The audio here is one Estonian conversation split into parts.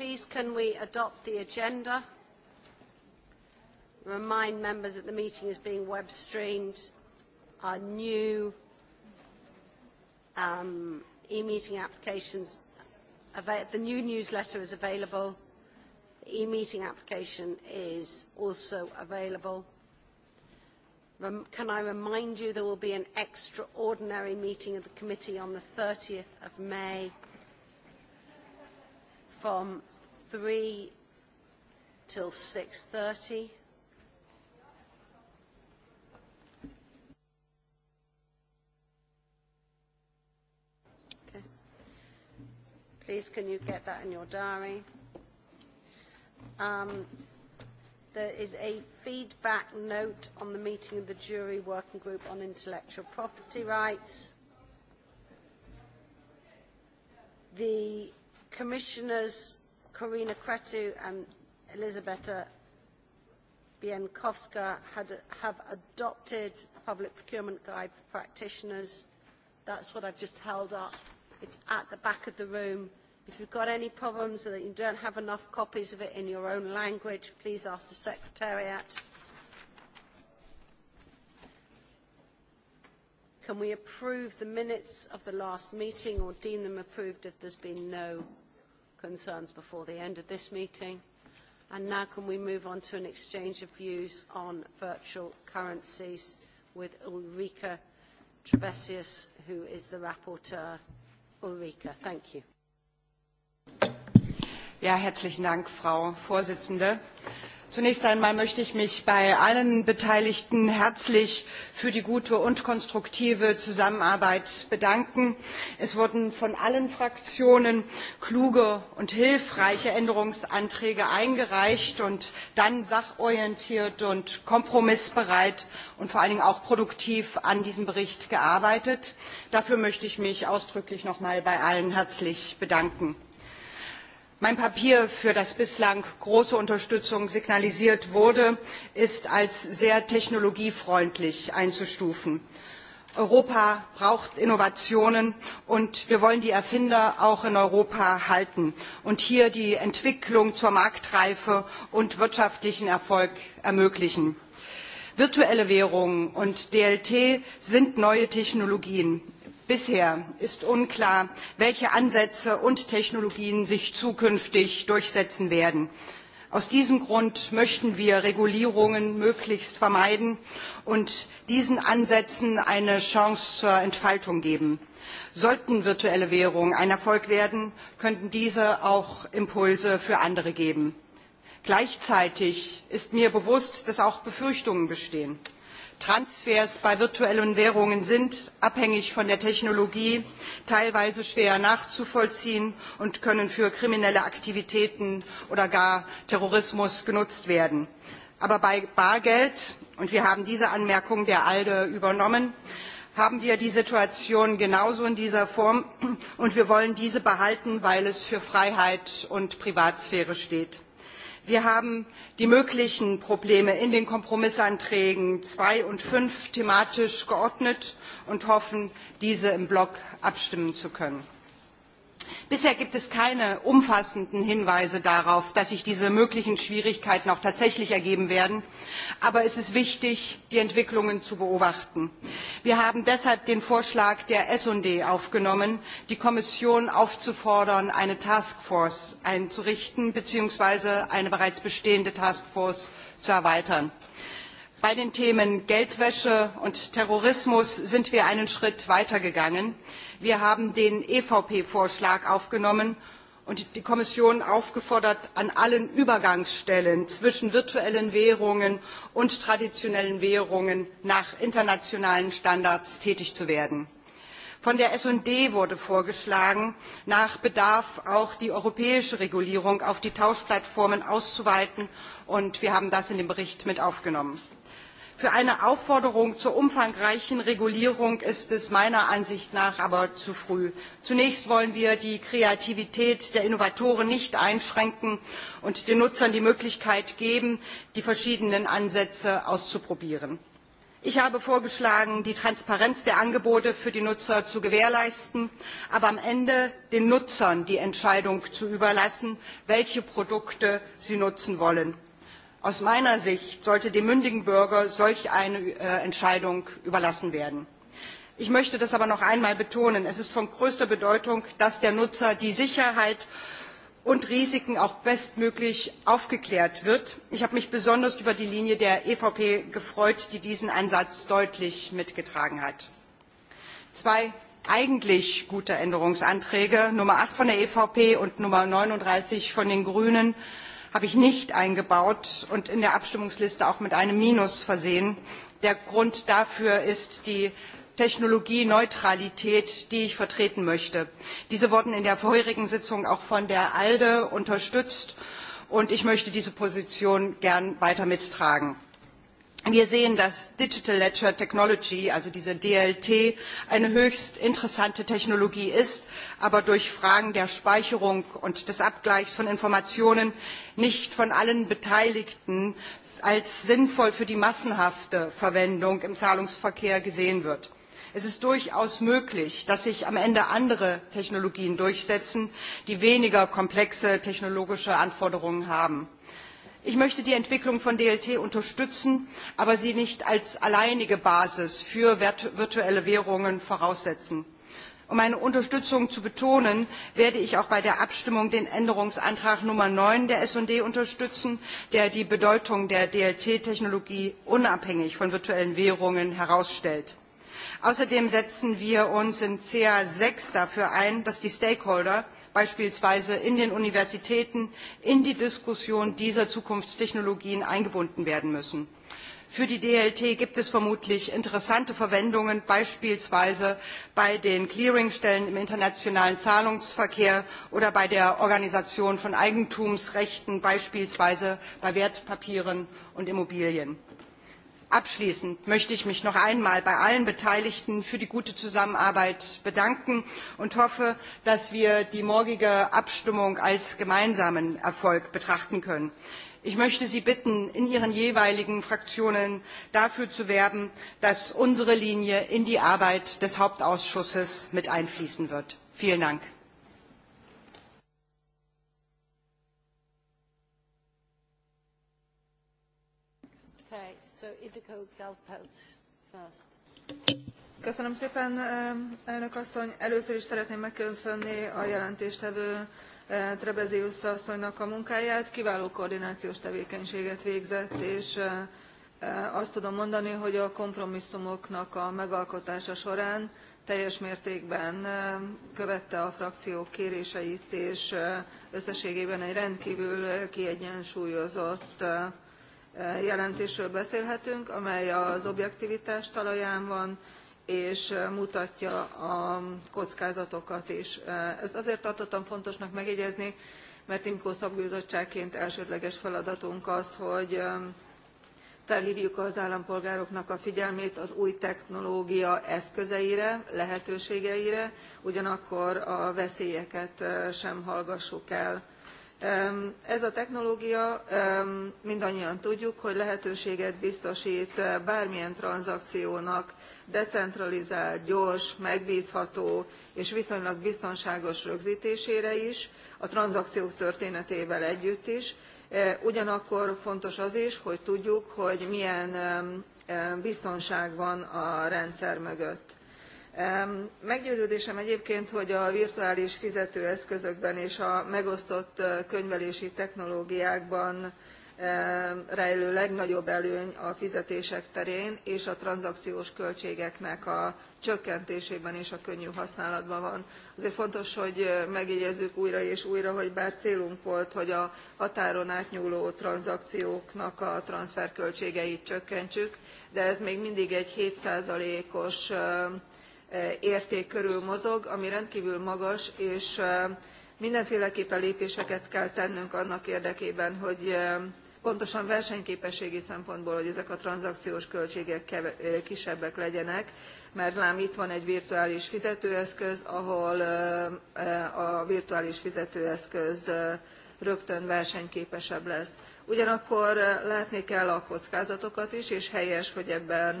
please can we adopt the agenda? Remind members that the meeting is being web streamed. Our new um, e-meeting applications, the new newsletter is available. The e-meeting application is also available. Rem can I remind you there will be an extraordinary meeting of the committee on the 30th of May from 3 till 6.30. Okay. Please, can you get that in your diary? Um, there is a feedback note on the meeting of the jury working group on intellectual property rights. The commissioners Corina Cretu and Elisabetta Bienkowska had, have adopted the public procurement guide for practitioners. That's what I've just held up. It's at the back of the room. If you've got any problems or that you don't have enough copies of it in your own language, please ask the Secretariat. Can we approve the minutes of the last meeting or deem them approved if there's been no concerns before the end of this meeting. And now can we move on to an exchange of views on virtual currencies with Ulrika Trebesius, who is the rapporteur. Ulrika, thank you. Ja, herzlichen Dank, Frau Vorsitzende zunächst einmal möchte ich mich bei allen beteiligten herzlich für die gute und konstruktive zusammenarbeit bedanken. es wurden von allen fraktionen kluge und hilfreiche änderungsanträge eingereicht und dann sachorientiert und kompromissbereit und vor allen dingen auch produktiv an diesem bericht gearbeitet. dafür möchte ich mich ausdrücklich noch einmal bei allen herzlich bedanken mein papier für das bislang große unterstützung signalisiert wurde ist als sehr technologiefreundlich einzustufen. europa braucht innovationen und wir wollen die erfinder auch in europa halten und hier die entwicklung zur marktreife und wirtschaftlichen erfolg ermöglichen. virtuelle währungen und dlt sind neue technologien. Bisher ist unklar, welche Ansätze und Technologien sich zukünftig durchsetzen werden. Aus diesem Grund möchten wir Regulierungen möglichst vermeiden und diesen Ansätzen eine Chance zur Entfaltung geben. Sollten virtuelle Währungen ein Erfolg werden, könnten diese auch Impulse für andere geben. Gleichzeitig ist mir bewusst, dass auch Befürchtungen bestehen. Transfers bei virtuellen Währungen sind, abhängig von der Technologie, teilweise schwer nachzuvollziehen und können für kriminelle Aktivitäten oder gar Terrorismus genutzt werden. Aber bei Bargeld, und wir haben diese Anmerkung der ALDE übernommen, haben wir die Situation genauso in dieser Form und wir wollen diese behalten, weil es für Freiheit und Privatsphäre steht wir haben die möglichen probleme in den kompromissanträgen zwei und fünf thematisch geordnet und hoffen diese im block abstimmen zu können. Bisher gibt es keine umfassenden Hinweise darauf, dass sich diese möglichen Schwierigkeiten auch tatsächlich ergeben werden. Aber es ist wichtig, die Entwicklungen zu beobachten. Wir haben deshalb den Vorschlag der S&D aufgenommen, die Kommission aufzufordern, eine Taskforce einzurichten bzw. eine bereits bestehende Taskforce zu erweitern. Bei den Themen Geldwäsche und Terrorismus sind wir einen Schritt weitergegangen. Wir haben den EVP-Vorschlag aufgenommen und die Kommission aufgefordert, an allen Übergangsstellen zwischen virtuellen Währungen und traditionellen Währungen nach internationalen Standards tätig zu werden. Von der S&D wurde vorgeschlagen, nach Bedarf auch die europäische Regulierung auf die Tauschplattformen auszuweiten, und wir haben das in den Bericht mit aufgenommen für eine aufforderung zur umfangreichen regulierung ist es meiner ansicht nach aber zu früh. zunächst wollen wir die kreativität der innovatoren nicht einschränken und den nutzern die möglichkeit geben die verschiedenen ansätze auszuprobieren. ich habe vorgeschlagen die transparenz der angebote für die nutzer zu gewährleisten aber am ende den nutzern die entscheidung zu überlassen welche produkte sie nutzen wollen aus meiner sicht sollte dem mündigen bürger solch eine äh, entscheidung überlassen werden. ich möchte das aber noch einmal betonen es ist von größter bedeutung dass der nutzer die sicherheit und risiken auch bestmöglich aufgeklärt wird. ich habe mich besonders über die linie der evp gefreut die diesen ansatz deutlich mitgetragen hat. zwei eigentlich gute änderungsanträge nummer acht von der evp und nummer neununddreißig von den grünen habe ich nicht eingebaut und in der Abstimmungsliste auch mit einem Minus versehen. Der Grund dafür ist die Technologieneutralität, die ich vertreten möchte. Diese wurden in der vorherigen Sitzung auch von der ALDE unterstützt und ich möchte diese Position gern weiter mittragen wir sehen, dass Digital Ledger Technology, also diese DLT, eine höchst interessante Technologie ist, aber durch Fragen der Speicherung und des Abgleichs von Informationen nicht von allen Beteiligten als sinnvoll für die massenhafte Verwendung im Zahlungsverkehr gesehen wird. Es ist durchaus möglich, dass sich am Ende andere Technologien durchsetzen, die weniger komplexe technologische Anforderungen haben ich möchte die entwicklung von dlt unterstützen aber sie nicht als alleinige basis für virtuelle währungen voraussetzen. um meine unterstützung zu betonen werde ich auch bei der abstimmung den änderungsantrag nummer neun der sd unterstützen der die bedeutung der dlt technologie unabhängig von virtuellen währungen herausstellt. außerdem setzen wir uns in ziffer sechs dafür ein dass die stakeholder beispielsweise in den Universitäten in die Diskussion dieser Zukunftstechnologien eingebunden werden müssen. Für die DLT gibt es vermutlich interessante Verwendungen, beispielsweise bei den Clearingstellen im internationalen Zahlungsverkehr oder bei der Organisation von Eigentumsrechten, beispielsweise bei Wertpapieren und Immobilien abschließend möchte ich mich noch einmal bei allen beteiligten für die gute zusammenarbeit bedanken und hoffe dass wir die morgige abstimmung als gemeinsamen erfolg betrachten können. ich möchte sie bitten in ihren jeweiligen fraktionen dafür zu werben dass unsere linie in die arbeit des hauptausschusses mit einfließen wird. vielen dank! So Idikó Galpelt first. Köszönöm szépen, elnök asszony. Először is szeretném megköszönni a jelentéstevő Trebezius asszonynak a munkáját. Kiváló koordinációs tevékenységet végzett, és azt tudom mondani, hogy a kompromisszumoknak a megalkotása során teljes mértékben követte a frakciók kéréseit, és összességében egy rendkívül kiegyensúlyozott Eh, jelentésről beszélhetünk amely az objektivitás talaján van és eh, mutatja a kockázatokat is. Eh, ezt azért tartottam fontosnak megjegyezni mert imco szakbizottságként elsődleges feladatunk az hogy felhvjuk az állampolgároknak a figyelmét az új technológia eszközeire lehetőségeire ugyanakkor a veszélyeket sem hallgassuk el Ez a technológia, mindannyian tudjuk, hogy lehetőséget biztosít eh, bármilyen tranzakciónak decentralizált, gyors, megbízható és viszonylag biztonságos rögzítésére is, a tranzakciók történetével együtt is. Eh, ugyanakkor fontos az is, hogy tudjuk, hogy milyen biztonság van a rendszer mögött meggyőződésem egyébként hogy a virtuális fizetőeszközökben és a megosztott könyvelési technológiákban rejlő legnagyobb előny a fizetések terén és a tranzakciós költségeknek a csökkentésében és a könnyű használatban van. azért fontos hogy megjegyezzük újra és újra hogy bár célunk volt hogy a határon átnyúló tranzakcióknak a transzferköltségeit csökkentsük de ez még mindig egy seven os érték körül mozog ami rendkvül magas és mindenféleképpen lépéseket kell tennünk annak érdekében hogy pontosan versenyképességi szempontból hogy ezek a tranzakciós költségek kisebbek legyenek mert lám itt van egy virtuális fizetőeszköz ahol a virtuális fizetőeszköz rögtön versenyképesebb lesz. ugyanakkor látni kell a kockázatokat is és helyes hogy ebben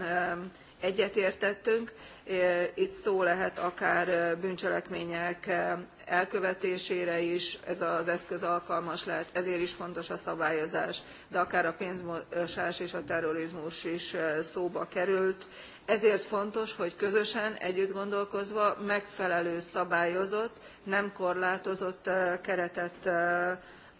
egyetértettünk. Itt szó lehet akár bűncselekmények elkövetésére is, ez az eszköz alkalmas lehet, ezért is fontos a szabályozás, de akár a pénzmosás és a terrorizmus is szóba került. Ezért fontos, hogy közösen, együtt gondolkozva megfelelő szabályozott, nem korlátozott keretet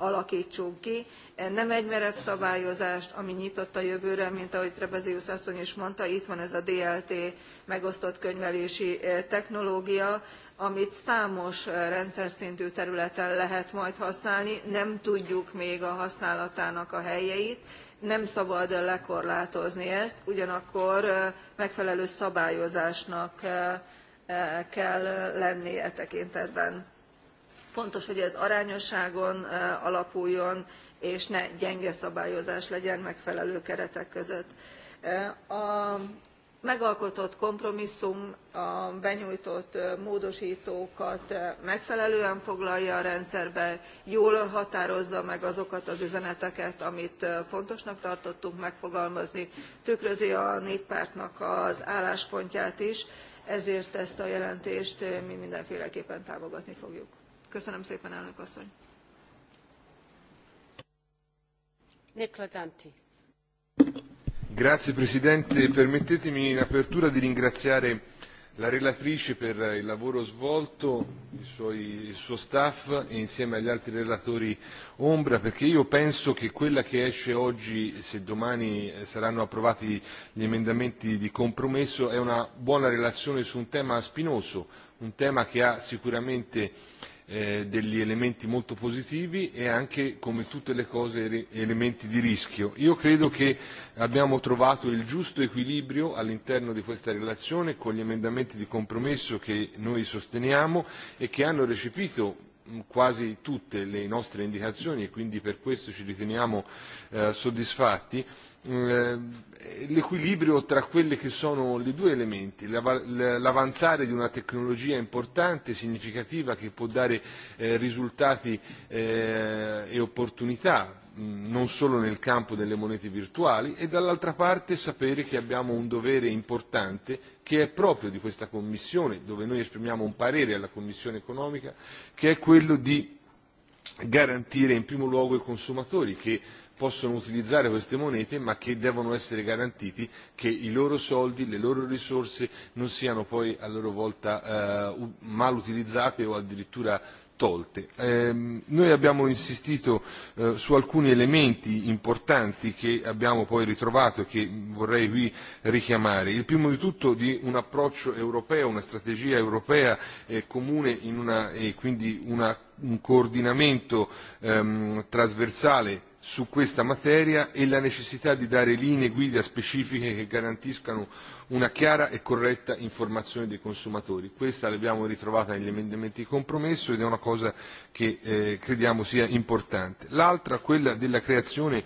alaktsunk ki e, nem egy merev szabályozást ami nyitott a jövőre mint ahogy trebesius asszony is mondta itt van ez a dlt megosztott könyvelési e, technológia amit számos e, rendszerszintű területen lehet majd használni nem tudjuk még a használatának a helyeit nem szabad lekorlátozni ezt ugyanakkor megfelelő szabályozásnak kell lenni e tekintetben Fontos, hogy ez arányosságon alapuljon, és ne gyenge szabályozás legyen megfelelő keretek között. A megalkotott kompromisszum a benyújtott módostókat megfelelően foglalja a rendszerbe jól határozza meg azokat az üzeneteket amit fontosnak tartottunk megfogalmazni tükrözi a néppártnak az álláspontját is ezért ezt a jelentést mi mindenféleképpen támogatni fogjuk. Köszönöm szépen, elnök asszony. Nicola Danti. Grazie Presidente, permettetemi in apertura di ringraziare la relatrice per il lavoro svolto, il, suoi, il suo staff e insieme agli altri relatori ombra, perché io penso che quella che esce oggi, se domani saranno approvati gli emendamenti di compromesso, è una buona relazione su un tema spinoso, un tema che ha sicuramente eh, degli elementi molto positivi e anche, come tutte le cose, elementi di rischio. Io credo che abbiamo trovato il giusto equilibrio all'interno di questa relazione con gli emendamenti di compromesso che noi sosteniamo e che hanno recepito mm, quasi tutte le nostre indicazioni e quindi per questo ci riteniamo eh, soddisfatti Ehm, l'equilibrio tra quelli che sono i due elementi, l'avanzare di una tecnologia importante, significativa, che può dare eh, risultati eh, e opportunità non solo nel campo delle monete virtuali e dall'altra parte sapere che abbiamo un dovere importante che è proprio di questa Commissione, dove noi esprimiamo un parere alla Commissione economica, che è quello di garantire in primo luogo i consumatori che possono utilizzare queste monete ma che devono essere garantiti che i loro soldi, le loro risorse non siano poi a loro volta eh, mal utilizzate o addirittura tolte. Eh, noi abbiamo insistito eh, su alcuni elementi importanti che abbiamo poi ritrovato e che vorrei qui richiamare. Il primo di tutto di un approccio europeo, una strategia europea eh, comune e eh, quindi una, un coordinamento ehm, trasversale su questa materia e la necessità di dare linee guida specifiche che garantiscano una chiara e corretta informazione dei consumatori. Questa l'abbiamo ritrovata negli emendamenti di compromesso ed è una cosa che eh, crediamo sia importante. L'altra, quella della creazione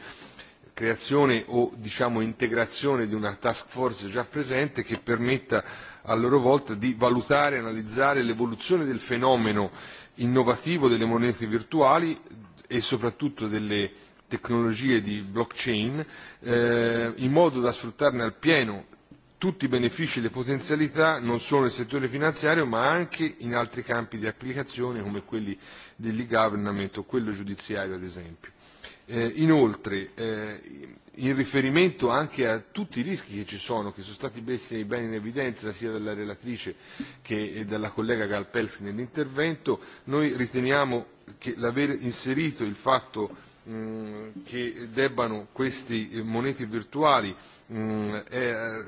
creazione o diciamo integrazione di una task force già presente che permetta a loro volta di valutare e analizzare l'evoluzione del fenomeno innovativo delle monete virtuali e soprattutto delle tecnologie di blockchain eh, in modo da sfruttarne al pieno tutti i benefici e le potenzialità non solo nel settore finanziario ma anche in altri campi di applicazione come quelli dell'e-government o quello giudiziario ad esempio. Eh, inoltre, eh, in riferimento anche a tutti i rischi che ci sono, che sono stati messi bene in evidenza sia dalla relatrice che eh, dalla collega Galpelsi nell'intervento, noi riteniamo che l'aver inserito il fatto mh, mm, che debbano questi monete virtuali mh, mm, eh,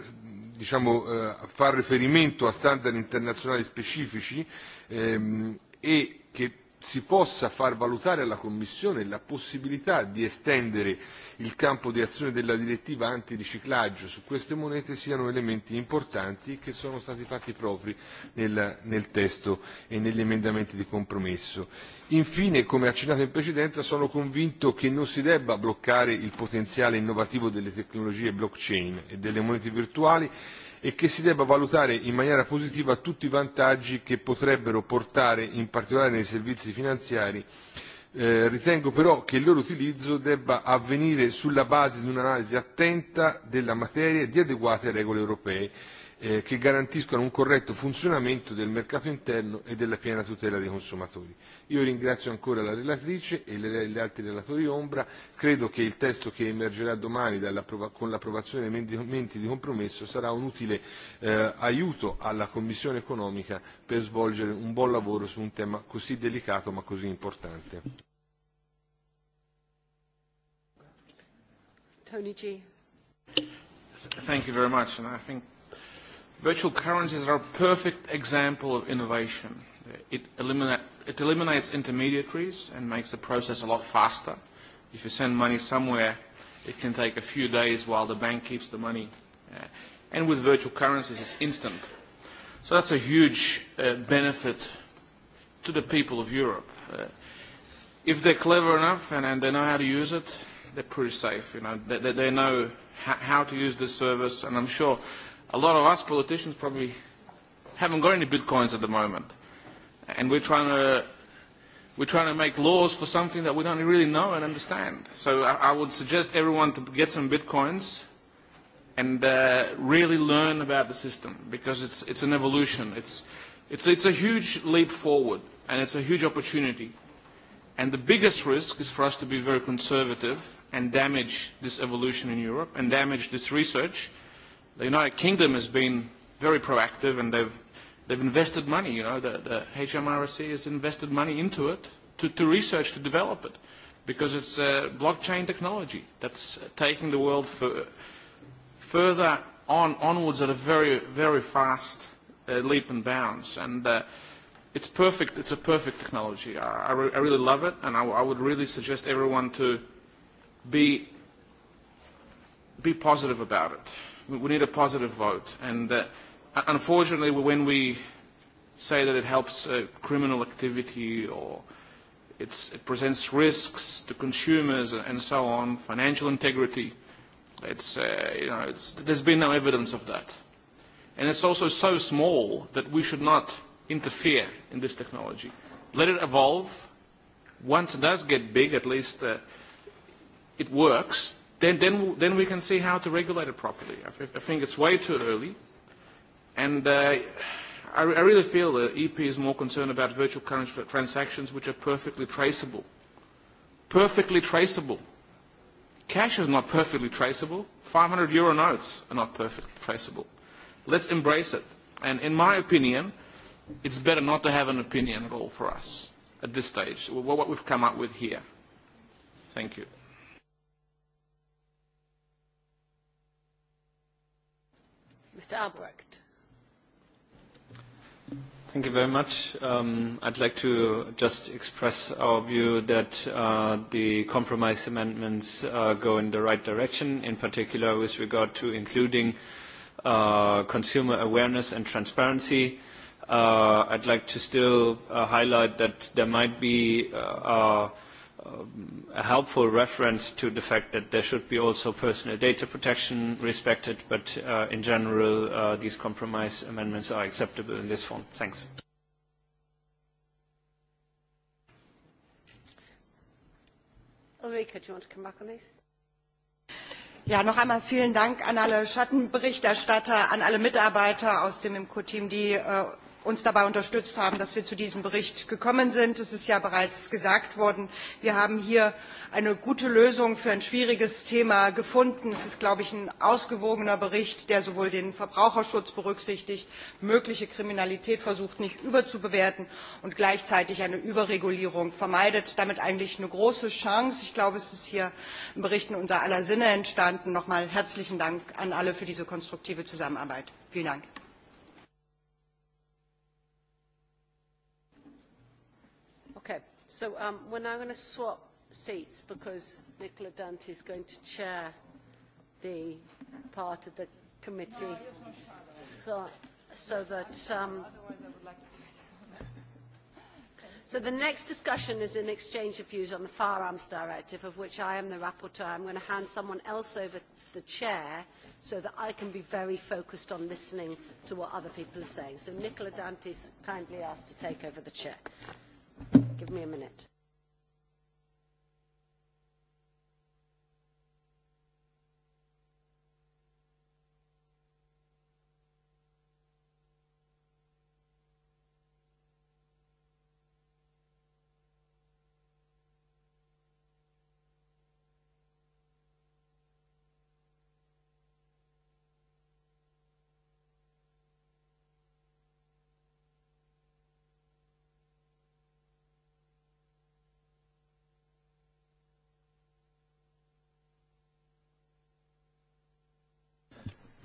diciamo, eh, far riferimento a standard internazionali specifici ehm, e si possa far valutare alla Commissione la possibilità di estendere il campo di azione della direttiva antiriciclaggio su queste monete siano elementi importanti che sono stati fatti propri nel, nel testo e negli emendamenti di compromesso. Infine, come accennato in precedenza, sono convinto che non si debba bloccare il potenziale innovativo delle tecnologie blockchain e delle monete virtuali e che si debba valutare in maniera positiva tutti i vantaggi che potrebbero portare, in particolare nei servizi finanziari, Eh, ritengo però che il loro utilizzo debba avvenire sulla base di un'analisi attenta della materia e di adeguate regole europee eh, che garantiscano un corretto funzionamento del mercato interno e della piena tutela dei consumatori. Io ringrazio ancora la relatrice e le, gli altri relatori ombra, credo che il testo che emergerà domani con l'approvazione dei emendamenti di compromesso sarà un utile eh, aiuto alla Commissione economica per svolgere un buon lavoro su un tema così delicato ma così importante. Tony G. Thank you very much, and I think Virtual currencies are a perfect example of innovation. It, elimina it eliminates intermediaries and makes the process a lot faster. If you send money somewhere, it can take a few days while the bank keeps the money. Uh, and with virtual currencies, it's instant. So that's a huge uh, benefit to the people of Europe. Uh, if they're clever enough and, and they know how to use it, they're pretty safe. You know, they, they know how to use this service, and I'm sure a lot of us politicians probably haven't got any bitcoins at the moment, and we're trying to we're trying to make laws for something that we don't really know and understand. So I, I would suggest everyone to get some bitcoins and uh, really learn about the system because it's it's an evolution. It's it's it's a huge leap forward and it's a huge opportunity. And the biggest risk is for us to be very conservative and damage this evolution in Europe and damage this research the United Kingdom has been very proactive and they've, they've invested money, you know, the, the HMRC has invested money into it to, to research, to develop it, because it's uh, blockchain technology that's taking the world for, further on, onwards at a very, very fast uh, leap and bounds. And uh, it's perfect, it's a perfect technology. I, I, re I really love it and I, I would really suggest everyone to be, be positive about it we need a positive vote. And uh, unfortunately, when we say that it helps uh, criminal activity or it's, it presents risks to consumers and so on, financial integrity, it's, uh, you know, it's, there's been no evidence of that. And it's also so small that we should not interfere in this technology. Let it evolve. Once it does get big, at least uh, it works then, then, then we can see how to regulate it properly. I, I think it's way too early. And uh, I, I really feel the EP is more concerned about virtual currency transactions which are perfectly traceable. Perfectly traceable. Cash is not perfectly traceable. 500 euro notes are not perfectly traceable. Let's embrace it. And in my opinion, it's better not to have an opinion at all for us at this stage, what we've come up with here. Thank you. Mr. Albrecht. Thank you very much. Um, I'd like to just express our view that uh, the compromise amendments uh, go in the right direction, in particular with regard to including uh, consumer awareness and transparency. Uh, I'd like to still uh, highlight that there might be uh, uh, a helpful reference to the fact that there should be also personal data protection respected, but uh, in general, uh, these compromise amendments are acceptable in this form. Thanks. Ulrike, do you want to come back on these? Ja, noch einmal vielen Dank an alle Schattenberichterstatter, an alle Mitarbeiter aus dem IMCO-Team, die äh, uns dabei unterstützt haben, dass wir zu diesem Bericht gekommen sind. Es ist ja bereits gesagt worden, wir haben hier eine gute Lösung für ein schwieriges Thema gefunden. Es ist, glaube ich, ein ausgewogener Bericht, der sowohl den Verbraucherschutz berücksichtigt, mögliche Kriminalität versucht nicht überzubewerten und gleichzeitig eine Überregulierung vermeidet. Damit eigentlich eine große Chance. Ich glaube, es ist hier im Bericht in unser aller Sinne entstanden. Nochmal herzlichen Dank an alle für diese konstruktive Zusammenarbeit. Vielen Dank. So um, we're now going to swap seats because Nicola Dante is going to chair the part of the committee no, so, so that... Um, like so the next discussion is an exchange of views on the Firearms Directive, of which I am the rapporteur. I'm going to hand someone else over the chair so that I can be very focused on listening to what other people are saying. So Nicola Dantes kindly asked to take over the chair. Give me a minute.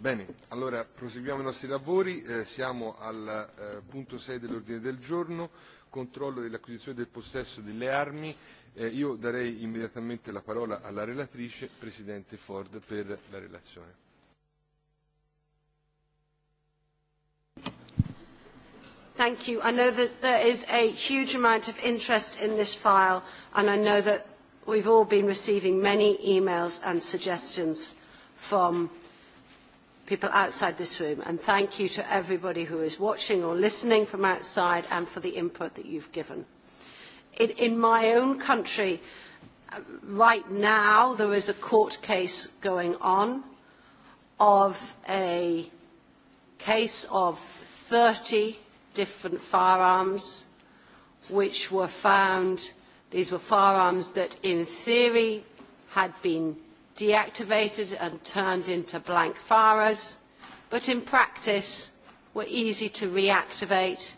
Bene, allora proseguiamo i nostri lavori, eh, siamo al eh, punto 6 dell'ordine del giorno, controllo dell'acquisizione del possesso delle armi. Eh, io darei immediatamente la parola alla relatrice, Presidente Ford, per la relazione. Thank you. I know that there is a huge amount of interest in this file and I know that we've all been receiving many emails and suggestions from people outside this room. And thank you to everybody who is watching or listening from outside and for the input that you've given. In, in my own country, uh, right now, there is a court case going on of a case of 30 different firearms which were found, these were firearms that in theory had been deactivated and turned into blank FARAs, but in practice were easy to reactivate,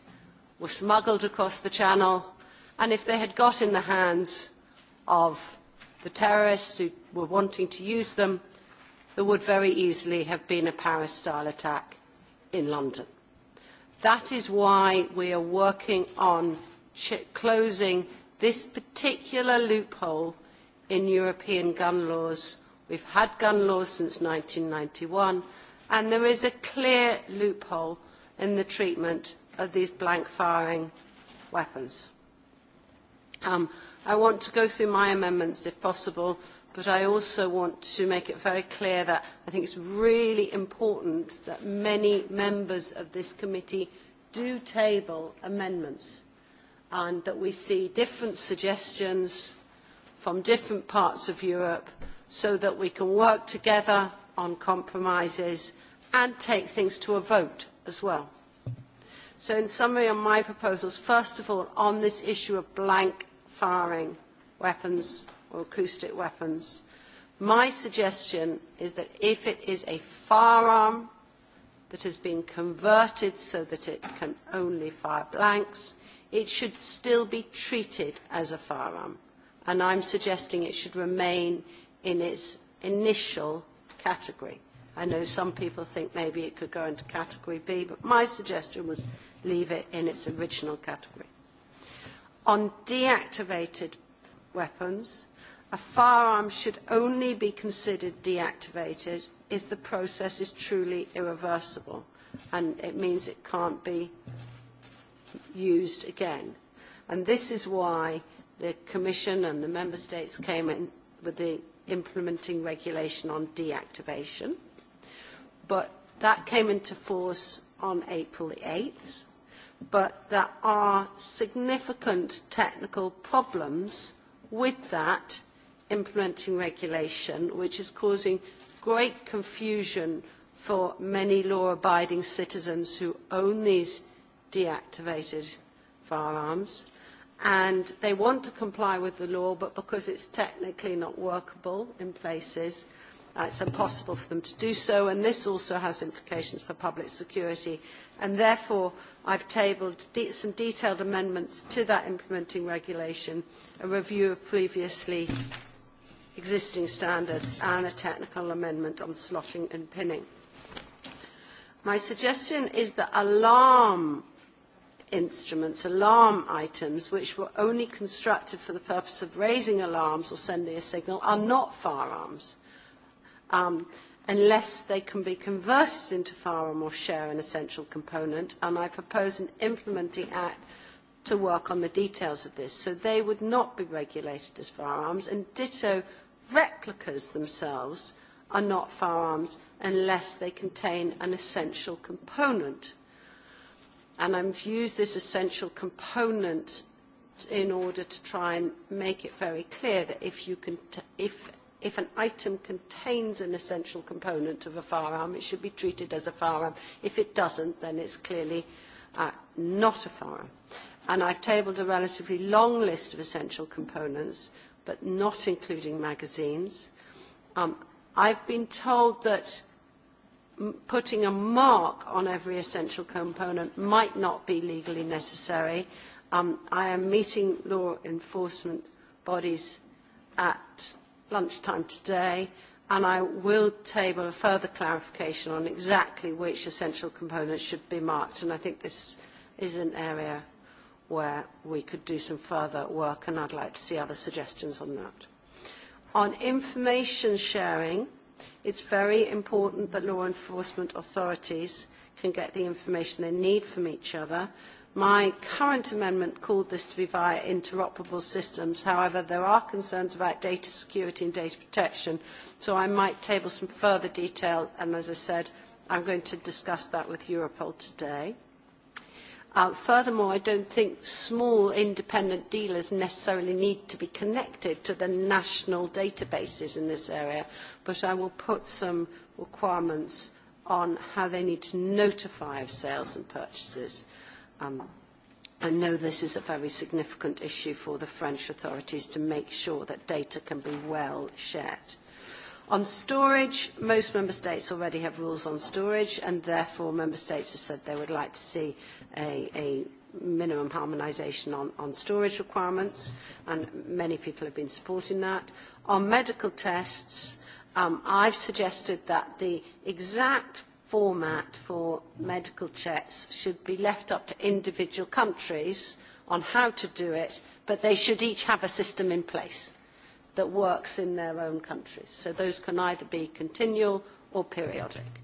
were smuggled across the channel, and if they had got in the hands of the terrorists who were wanting to use them, there would very easily have been a Paris-style attack in London. That is why we are working on closing this particular loophole in European gun laws We've had gun laws since 1991, and there is a clear loophole in the treatment of these blank firing weapons. Um, I want to go through my amendments if possible, but I also want to make it very clear that I think it's really important that many members of this committee do table amendments and that we see different suggestions from different parts of Europe so that we can work together on compromises and take things to a vote as well. So in summary on my proposals, first of all, on this issue of blank firing weapons or acoustic weapons, my suggestion is that if it is a firearm that has been converted so that it can only fire blanks, it should still be treated as a firearm. And I'm suggesting it should remain in its initial category. I know some people think maybe it could go into category B, but my suggestion was leave it in its original category. On deactivated weapons, a firearm should only be considered deactivated if the process is truly irreversible and it means it can't be used again. And this is why the Commission and the Member States came in with the implementing regulation on deactivation, but that came into force on April the 8th, but there are significant technical problems with that implementing regulation, which is causing great confusion for many law-abiding citizens who own these deactivated firearms and they want to comply with the law, but because it's technically not workable in places, uh, it's impossible for them to do so, and this also has implications for public security. And therefore, I've tabled de some detailed amendments to that implementing regulation, a review of previously existing standards, and a technical amendment on slotting and pinning. My suggestion is that alarm instruments, alarm items, which were only constructed for the purpose of raising alarms or sending a signal, are not firearms um, unless they can be converted into firearm or share an essential component. And I propose an implementing act to work on the details of this. So they would not be regulated as firearms, and ditto replicas themselves are not firearms unless they contain an essential component And I've used this essential component in order to try and make it very clear that if, you can t if, if an item contains an essential component of a firearm, it should be treated as a firearm. If it doesn't, then it's clearly uh, not a firearm. And I've tabled a relatively long list of essential components, but not including magazines. Um, I've been told that putting a mark on every essential component might not be legally necessary. Um, I am meeting law enforcement bodies at lunchtime today, and I will table a further clarification on exactly which essential components should be marked. And I think this is an area where we could do some further work, and I'd like to see other suggestions on that. On information sharing, It's very important that law enforcement authorities can get the information they need from each other. My current amendment called this to be via interoperable systems. However, there are concerns about data security and data protection, so I might table some further detail, and as I said, I'm going to discuss that with Europol today. Uh, furthermore, I don't think small independent dealers necessarily need to be connected to the national databases in this area, but I will put some requirements on how they need to notify of sales and purchases. Um, I know this is a very significant issue for the French authorities to make sure that data can be well shared. On storage, most member states already have rules on storage, and therefore member states have said they would like to see a, a minimum harmonisation on, on storage requirements, and many people have been supporting that. On medical tests, um, I've suggested that the exact format for medical checks should be left up to individual countries on how to do it, but they should each have a system in place that works in their own countries. So those can either be continual or periodic.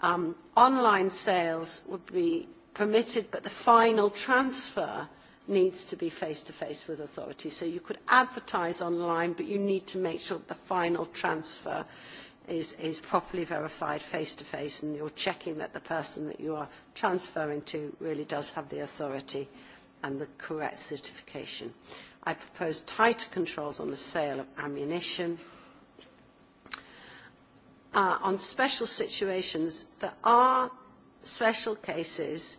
Um, online sales would be permitted, but the final transfer needs to be face-to-face -face with authorities. So you could advertise online, but you need to make sure that the final transfer is, is properly verified face-to-face -face, and you're checking that the person that you are transferring to really does have the authority and the correct certification. I propose tighter controls on the sale of ammunition. Uh, on special situations, there are special cases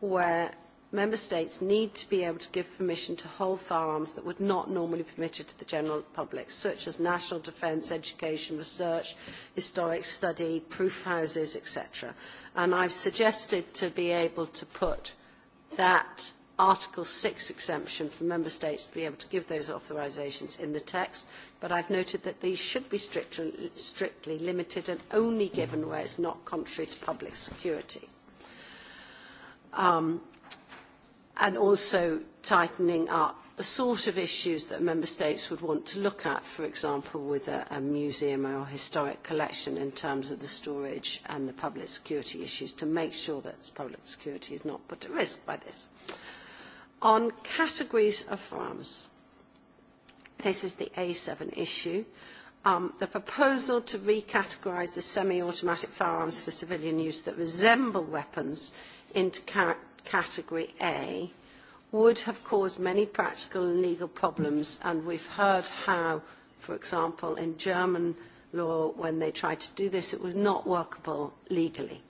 where member states need to be able to give permission to hold firearms that would not normally be permitted to the general public, such as national defence, education, research, historic study, proof houses, etc. And I've suggested to be able to put that Article 6 exemption for Member States to be able to give those authorisations in the text, but I've noted that these should be strictly, strictly limited and only given where it's not contrary to public security. Um, and also tightening up the sort of issues that Member States would want to look at, for example, with a, a museum or historic collection in terms of the storage and the public security issues to make sure that public security is not put at risk by this. Uh, on categories of farms. This is the A7 issue. Um, the proposal to recategorise the semi-automatic firearms for civilian use that resemble weapons into ca category A would have caused many practical and legal problems, and we've heard how, for example, in German law, when they tried to do this, it was not workable legally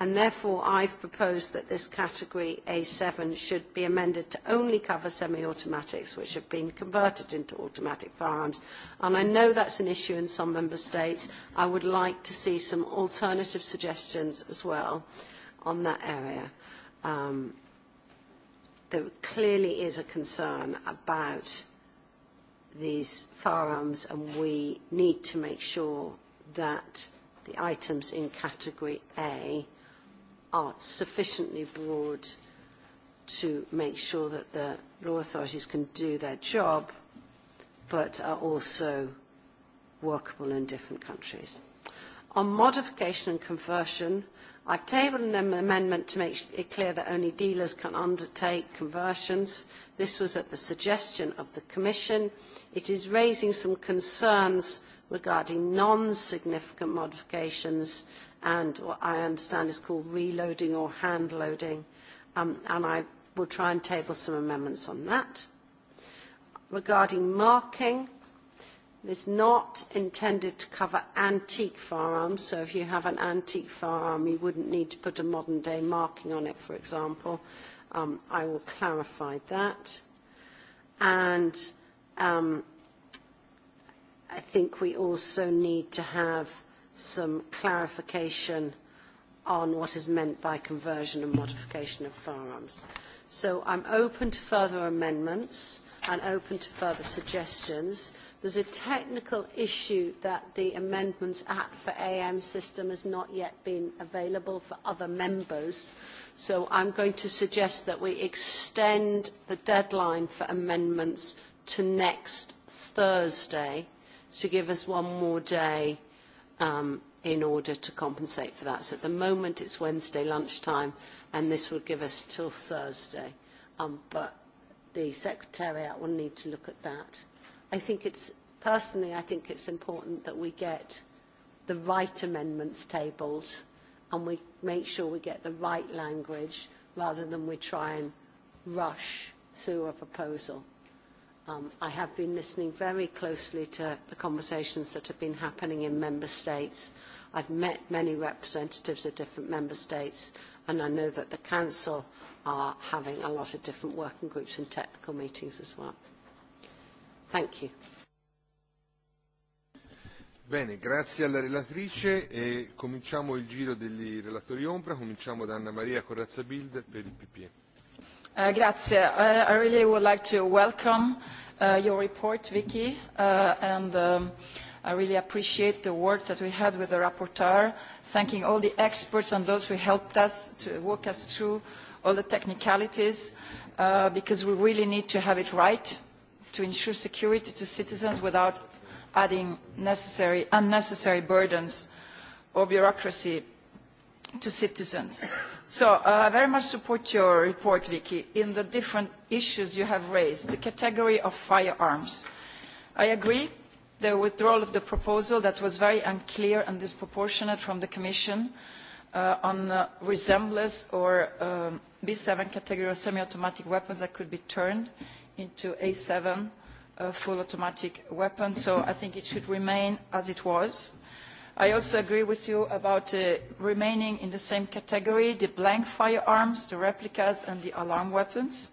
and therefore I've proposed that this category A7 should be amended to only cover semi-automatics which have been converted into automatic firearms. And I know that's an issue in some member states. I would like to see some alternative suggestions as well on that area. Um, there clearly is a concern about these firearms and we need to make sure that the items in category A are sufficiently broad to make sure that the law authorities can do their job, but are also workable in different countries. On modification and conversion, I've tabled an amendment to make it clear that only dealers can undertake conversions. This was at the suggestion of the Commission. It is raising some concerns regarding non-significant modifications and what I understand is called reloading or hand loading, um, and I will try and table some amendments on that. Regarding marking, is not intended to cover antique firearms, so if you have an antique firearm, you wouldn't need to put a modern day marking on it, for example. Um, I will clarify that. And um, I think we also need to have some clarification on what is meant by conversion and modification of firearms. So I'm open to further amendments and open to further suggestions. There's a technical issue that the Amendments Act for AM system has not yet been available for other members. So I'm going to suggest that we extend the deadline for amendments to next Thursday to give us one more day um, in order to compensate for that. So at the moment it's Wednesday lunchtime and this will give us till Thursday. Um, but the Secretariat will need to look at that. I think it's, personally, I think it's important that we get the right amendments tabled and we make sure we get the right language rather than we try and rush through a proposal. Um, I have been listening very closely to the conversations that have been happening in member states. I've met many representatives of different member states, and I know that the Council are having a lot of different working groups and technical meetings as well. Thank you. Bene, grazie alla relatrice e cominciamo il giro degli relatori ombra, cominciamo da Anna Maria Corazza Bild per il PPE. Uh, grazie. I, uh, I really would like to welcome uh, your report, Vicky, uh, and um, I really appreciate the work that we had with the rapporteur, thanking all the experts and those who helped us to walk us through all the technicalities, uh, because we really need to have it right to ensure security to citizens without adding necessary, unnecessary burdens or bureaucracy to citizens. So uh, I very much support your report, Vicky, in the different issues you have raised, the category of firearms. I agree the withdrawal of the proposal that was very unclear and disproportionate from the Commission uh, on uh, resemblance or um, B7 category of semi-automatic weapons that could be turned into A7 uh, full automatic weapons. So I think it should remain as it was I also agree with you about uh, remaining in the same category, the blank firearms, the replicas and the alarm weapons,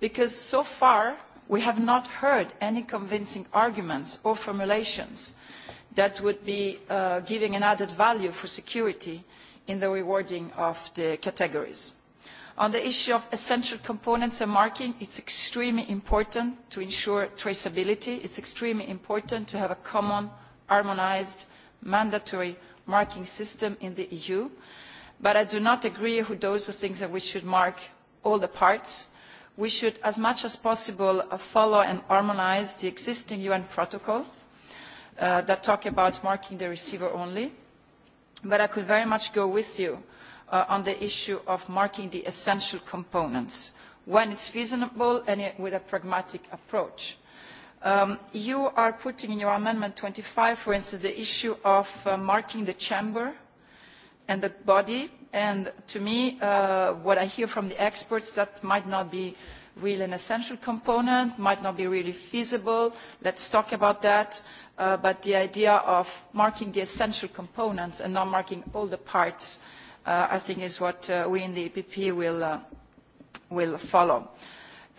because so far we have not heard any convincing arguments or formulations that would be uh, giving an added value for security in the rewarding of the categories. On the issue of essential components and marking, it's extremely important to ensure traceability. It's extremely important to have a common, harmonized mandatory marking system in the eu but i do not agree with those who think that we should mark all the parts. we should as much as possible uh, follow and harmonise the existing un protocol uh, that talks about marking the receiver only but i could very much go with you uh, on the issue of marking the essential components when it is feasible and with a pragmatic approach Um, you are putting in your Amendment 25, for instance, the issue of uh, marking the chamber and the body. And to me, uh, what I hear from the experts, that might not be really an essential component, might not be really feasible. Let's talk about that. Uh, but the idea of marking the essential components and not marking all the parts, uh, I think is what uh, we in the EPP will, uh, will follow. Uh,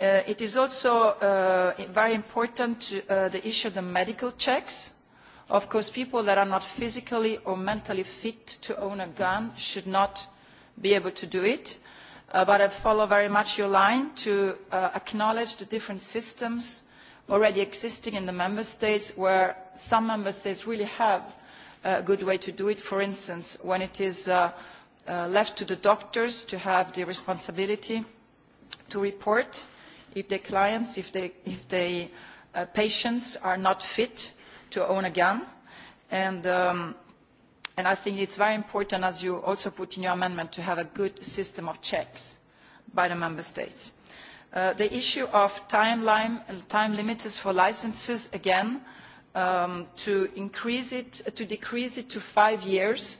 Uh, it is also uh, very important to, uh, the issue of the medical checks. Of course, people that are not physically or mentally fit to own a gun should not be able to do it. Uh, but I follow very much your line to uh, acknowledge the different systems already existing in the member states where some member states really have a good way to do it. For instance, when it is uh, uh, left to the doctors to have the responsibility to report if their clients, if their if they, uh, patients are not fit to own a gun. And, um, and I think it's very important, as you also put in your amendment, to have a good system of checks by the member states. Uh, the issue of timeline and time limits for licenses, again, um, to increase it, to decrease it to five years.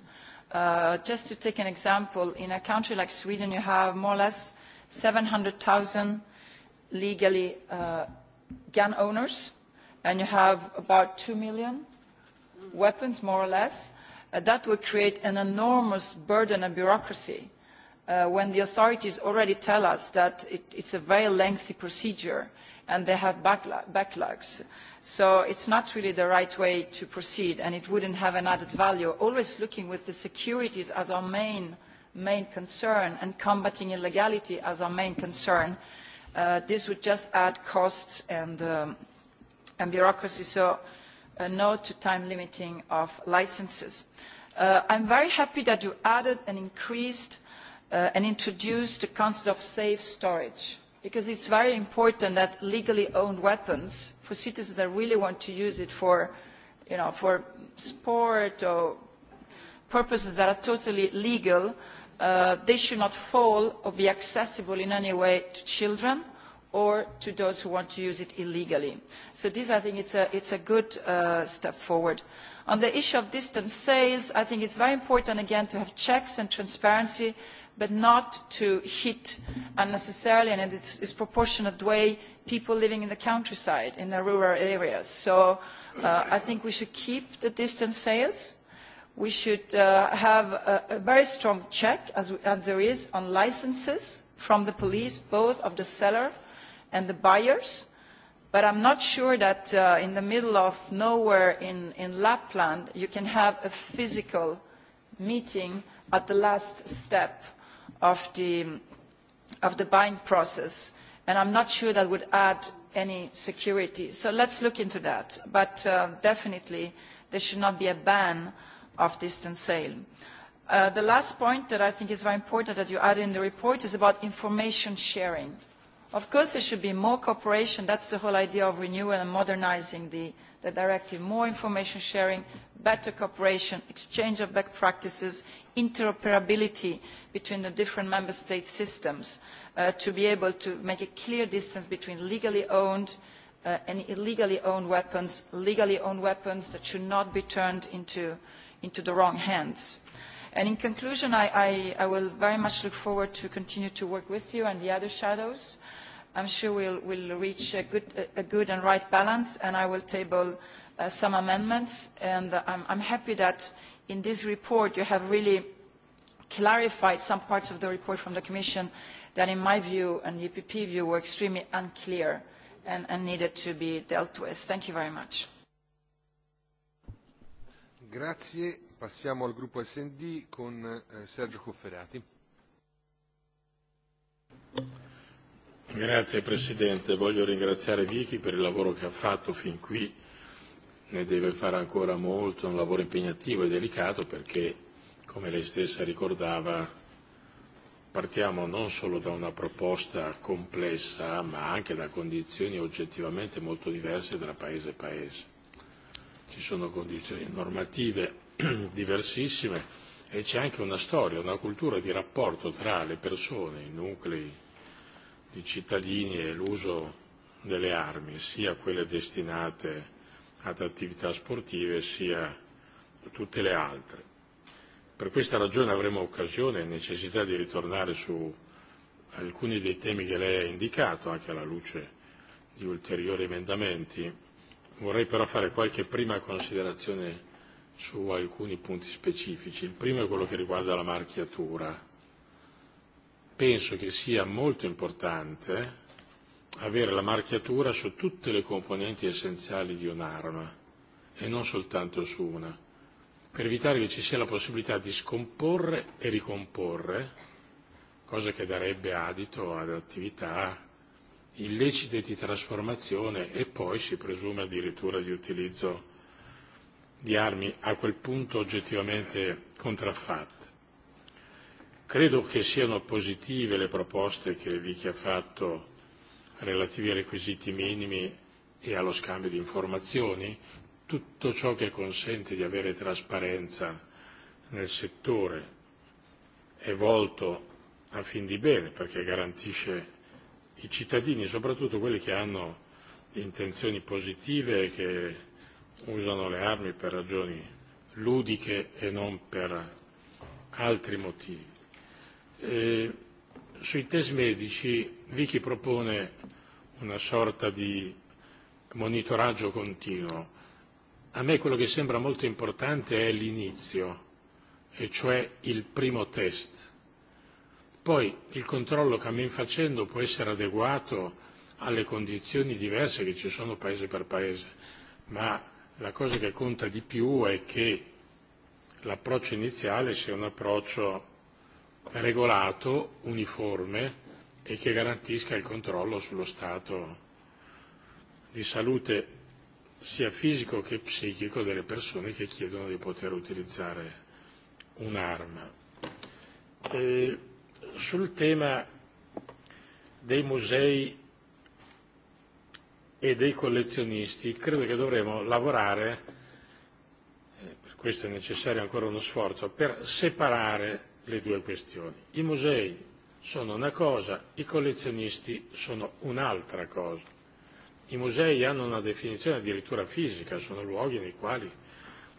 Uh, just to take an example, in a country like Sweden, you have more or less 700,000 legally uh, gun owners and you have about two million weapons more or less uh, that would create an enormous burden and bureaucracy uh, when the authorities already tell us that it, it's a very lengthy procedure and they have backlogs. So it's not really the right way to proceed and it wouldn't have an added value. Always looking with the securities as our main, main concern and combating illegality as our main concern uh, Uh, this would just add costs and, um, and bureaucracy, so uh, no to time limiting of licenses. Uh, I'm very happy that you added and increased uh, and introduced the concept of safe storage because it's very important that legally owned weapons for citizens that really want to use it for, you know, for sport or purposes that are totally legal uh, uh, they should not fall or be accessible in any way to children or to those who want to use it illegally. So this, I think, it's a, it's a good uh, step forward. On the issue of distance sales, I think it's very important, again, to have checks and transparency, but not to hit unnecessarily and in a disproportionate way people living in the countryside, in the rural areas. So uh, I think we should keep the distance sales we should uh, have a, a very strong check, as, we, as there is, on licenses from the police, both of the seller and the buyers. But I'm not sure that uh, in the middle of nowhere in, in Lapland you can have a physical meeting at the last step of the, of the buying process. And I'm not sure that would add any security. So let's look into that. But uh, definitely there should not be a ban uh, of distance sale. Uh, the last point that I think is very important that you added in the report is about information sharing. Of course, there should be more cooperation. That's the whole idea of renewal and modernizing the, the directive. More information sharing, better cooperation, exchange of best practices, interoperability between the different member state systems uh, to be able to make a clear distance between legally owned uh, and illegally owned weapons, legally owned weapons that should not be turned into, into the wrong hands. And in conclusion, I, I, I will very much look forward to continue to work with you and the other shadows. I'm sure we'll, we'll reach a good, a good and right balance, and I will table uh, some amendments. And uh, I'm, I'm happy that in this report you have really clarified some parts of the report from the Commission that, in my view and the EPP view, were extremely unclear and, and needed to be dealt with. Thank you very much. Grazie. Passiamo al gruppo SD con eh, Sergio Cofferati. Grazie Presidente, voglio ringraziare Vicky per il lavoro che ha fatto fin qui, ne deve fare ancora molto, è un lavoro impegnativo e delicato perché, come lei stessa ricordava, partiamo non solo da una proposta complessa ma anche da condizioni oggettivamente molto diverse da paese a e paese ci sono condizioni normative diversissime e c'è anche una storia, una cultura di rapporto tra le persone, i nuclei di cittadini e l'uso delle armi, sia quelle destinate ad attività sportive sia tutte le altre. Per questa ragione avremo occasione e necessità di ritornare su alcuni dei temi che lei ha indicato, anche alla luce di ulteriori emendamenti Vorrei però fare qualche prima considerazione su alcuni punti specifici. Il primo è quello che riguarda la marchiatura. Penso che sia molto importante avere la marchiatura su tutte le componenti essenziali di un'arma e non soltanto su una, per evitare che ci sia la possibilità di scomporre e ricomporre, cosa che darebbe adito ad attività illecite di trasformazione e poi si presume addirittura di utilizzo di armi a quel punto oggettivamente contraffatte. Credo che siano positive le proposte che Vicky ha fatto relativi ai requisiti minimi e allo scambio di informazioni, tutto ciò che consente di avere trasparenza nel settore è volto a fin di bene perché garantisce i cittadini, soprattutto quelli che hanno intenzioni positive, e che usano le armi per ragioni ludiche e non per altri motivi. E sui test medici Vicky propone una sorta di monitoraggio continuo. A me quello che sembra molto importante è l'inizio, e cioè il primo test Poi il controllo cammin facendo può essere adeguato alle condizioni diverse che ci sono paese per paese, ma la cosa che conta di più è che l'approccio iniziale sia un approccio regolato, uniforme e che garantisca il controllo sullo stato di salute sia fisico che psichico delle persone che chiedono di poter utilizzare un'arma. E sul tema dei musei e dei collezionisti credo che dovremo lavorare, eh, per questo è necessario ancora uno sforzo, per separare le due questioni. I musei sono una cosa, i collezionisti sono un'altra cosa. I musei hanno una definizione addirittura fisica, sono luoghi nei quali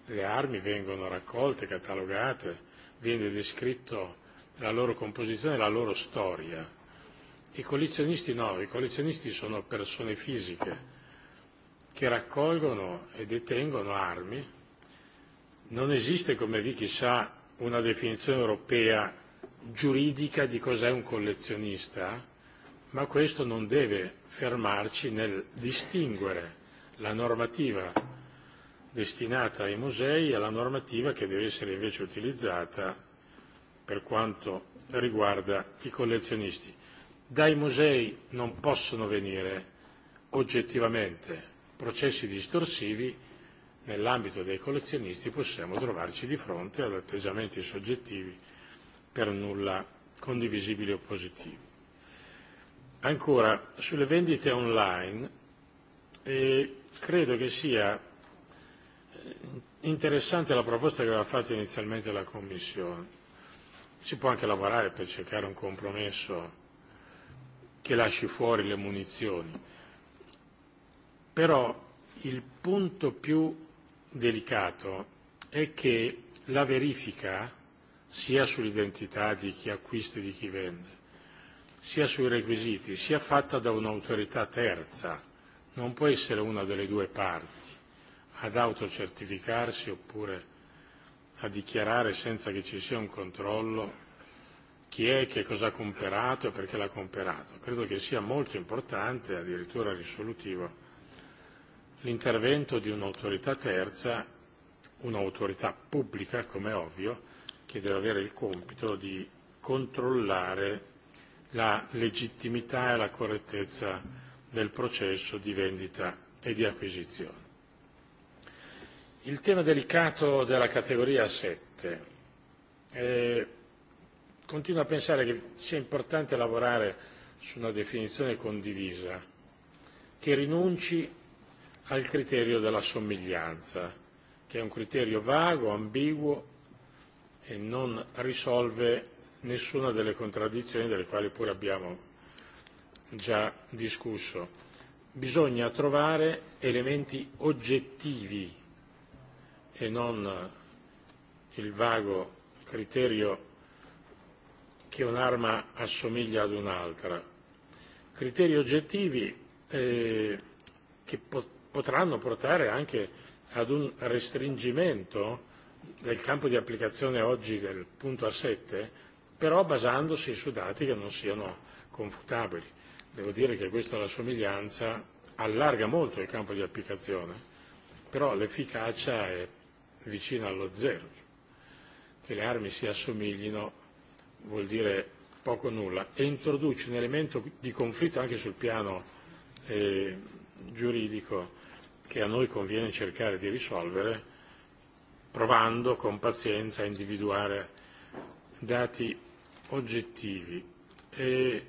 le armi vengono raccolte, catalogate, viene descritto la loro composizione e la loro storia. I collezionisti no, i collezionisti sono persone fisiche che raccolgono e detengono armi. Non esiste, come vi chissà, una definizione europea giuridica di cos'è un collezionista, ma questo non deve fermarci nel distinguere la normativa destinata ai musei alla e normativa che deve essere invece utilizzata per quanto riguarda i collezionisti. Dai musei non possono venire oggettivamente processi distorsivi, nell'ambito dei collezionisti possiamo trovarci di fronte ad atteggiamenti soggettivi per nulla condivisibili o positivi. Ancora, sulle vendite online eh, credo che sia eh, interessante la proposta che aveva fatto inizialmente la Commissione si può anche lavorare per cercare un compromesso che lasci fuori le munizioni, però il punto più delicato è che la verifica sia sull'identità di chi acquista e di chi vende, sia sui requisiti, sia fatta da un'autorità terza, non può essere una delle due parti ad autocertificarsi oppure a dichiarare senza che ci sia un controllo chi è che cosa ha comperato e perché l'ha comperato. Credo che sia molto importante, addirittura risolutivo, l'intervento di un'autorità terza, un'autorità pubblica, come ovvio, che deve avere il compito di controllare la legittimità e la correttezza del processo di vendita e di acquisizione il tema delicato della categoria 7. Eh, continuo a pensare che sia importante lavorare su una definizione condivisa che rinunci al criterio della somiglianza, che è un criterio vago, ambiguo e non risolve nessuna delle contraddizioni delle quali pure abbiamo già discusso. Bisogna trovare elementi oggettivi e non eh, il vago criterio che un'arma assomiglia ad un'altra. Criteri oggettivi eh, che po- potranno portare anche ad un restringimento del campo di applicazione oggi del punto A7, però basandosi su dati che non siano confutabili. Devo dire che questa la somiglianza allarga molto il campo di applicazione, però l'efficacia è vicina allo zero. Che le armi si assomiglino vuol dire poco o nulla e introduce un elemento di conflitto anche sul piano eh, giuridico che a noi conviene cercare di risolvere provando con pazienza a individuare dati oggettivi. E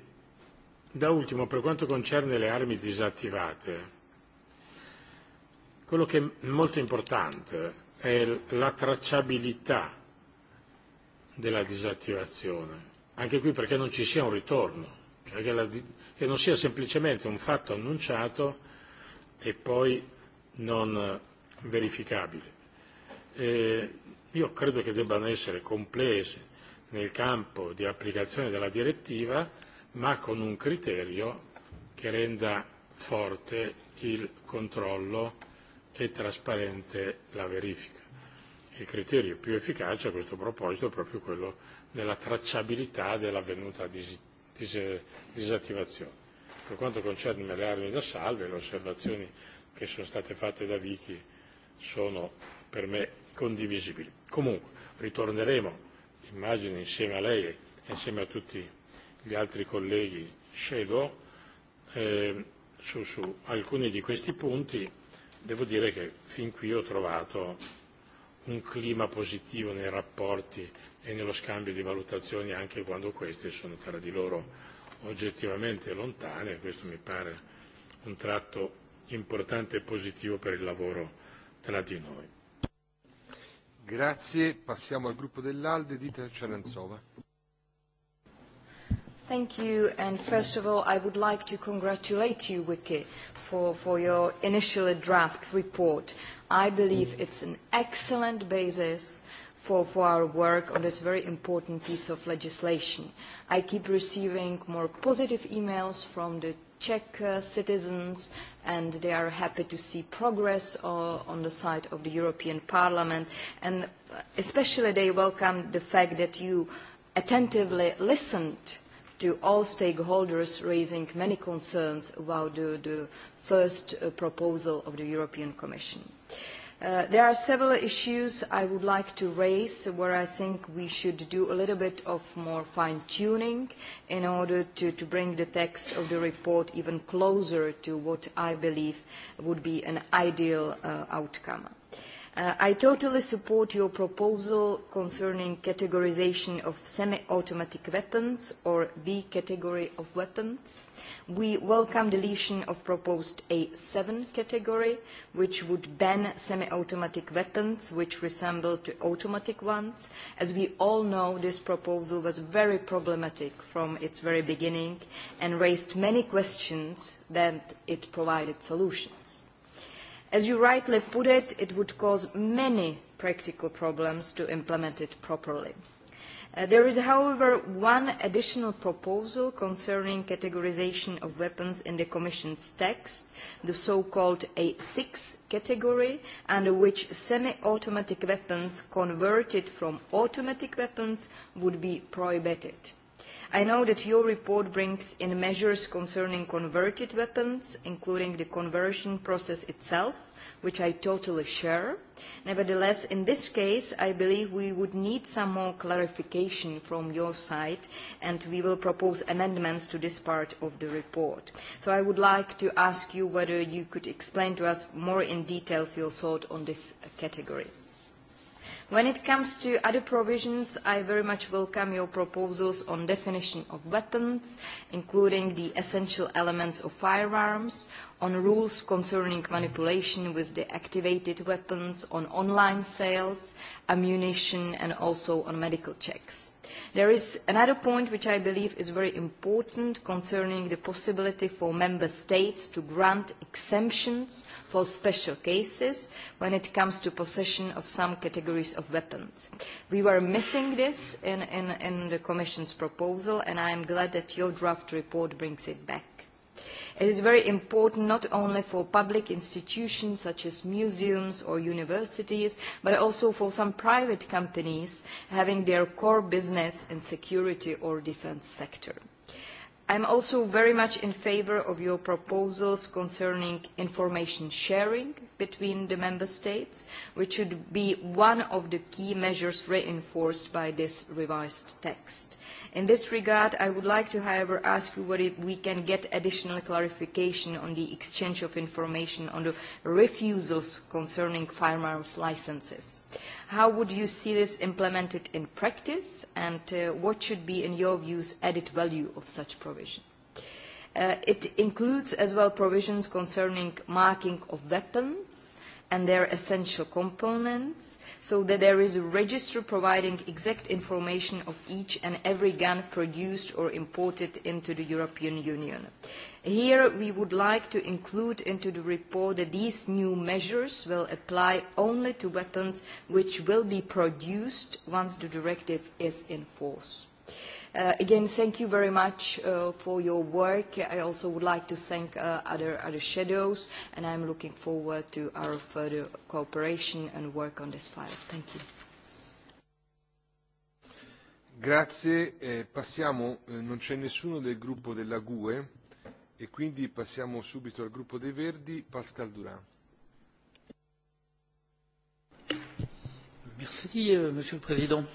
da ultimo, per quanto concerne le armi disattivate, quello che è molto importante è la tracciabilità della disattivazione. Anche qui perché non ci sia un ritorno, cioè che, la, che non sia semplicemente un fatto annunciato e poi non verificabile. Eh, io credo che debbano essere complesse nel campo di applicazione della direttiva, ma con un criterio che renda forte il controllo e trasparente la verifica. Il criterio più efficace a questo proposito è proprio quello della tracciabilità dell'avvenuta dis- dis- disattivazione. Per quanto concerne le armi da salve, le osservazioni che sono state fatte da Vicky sono per me condivisibili. Comunque ritorneremo, immagino, insieme a lei e insieme a tutti gli altri colleghi Shadow eh, su, su alcuni di questi punti devo dire che fin qui ho trovato un clima positivo nei rapporti e nello scambio di valutazioni anche quando queste sono tra di loro oggettivamente lontane e questo mi pare un tratto importante e positivo per il lavoro tra di noi. Grazie, passiamo al gruppo dell'Alde, Dieter Cerenzola. Thank you. And first of all, I would like to congratulate you, Wiki, for, for your initial draft report. I believe it's an excellent basis for, for our work on this very important piece of legislation. I keep receiving more positive emails from the Czech uh, citizens, and they are happy to see progress uh, on the side of the European Parliament. And uh, especially they welcome the fact that you attentively listened to all stakeholders raising many concerns about the, the first uh, proposal of the European Commission. Uh, there are several issues I would like to raise where I think we should do a little bit of more fine-tuning in order to, to bring the text of the report even closer to what I believe would be an ideal uh, outcome. Uh, I totally support your proposal concerning categorization of semi-automatic weapons or B category of weapons. We welcome deletion of proposed A7 category, which would ban semi-automatic weapons which resemble to automatic ones. As we all know, this proposal was very problematic from its very beginning and raised many questions that it provided solutions. As you rightly put it, it would cause many practical problems to implement it properly. Uh, there is, however, one additional proposal concerning categorization of weapons in the Commission's text, the so-called A6 category, under which semi-automatic weapons converted from automatic weapons would be prohibited. I know that your report brings in measures concerning converted weapons, including the conversion process itself, which I totally share. Nevertheless, in this case, I believe we would need some more clarification from your side, and we will propose amendments to this part of the report. So I would like to ask you whether you could explain to us more in details your thought on this category. When it comes to other provisions, I very much welcome your proposals on definition of weapons, including the essential elements of firearms, on rules concerning manipulation with the activated weapons, on online sales, ammunition, and also on medical checks. There is another point which I believe is very important concerning the possibility for member states to grant exemptions for special cases when it comes to possession of some categories of weapons. We were missing this in, in, in the Commission's proposal and I am glad that your draft report brings it back. It is very important not only for public institutions such as museums or universities, but also for some private companies having their core business in security or defense sector. I'm also very much in favor of your proposals concerning information sharing between the member states, which should be one of the key measures reinforced by this revised text. In this regard, I would like to, however, ask you whether we can get additional clarification on the exchange of information on the refusals concerning firearms licenses. How would you see this implemented in practice, and uh, what should be, in your views, added value of such provision? Uh, it includes as well provisions concerning marking of weapons and their essential components, so that there is a register providing exact information of each and every gun produced or imported into the European Union. Here we would like to include into the report that these new measures will apply only to weapons which will be produced once the directive is in force. Uh, again, thank you very much uh, for your work. I also would like to thank uh, other, other shadows, and I'm looking forward to our further cooperation and work on this file. Thank you. Grazie. Eh, passiamo, eh, non c'è nessuno del gruppo della GUE e quindi passiamo subito al gruppo dei Verdi, Pascal Durand. Merci, euh, Monsieur le Président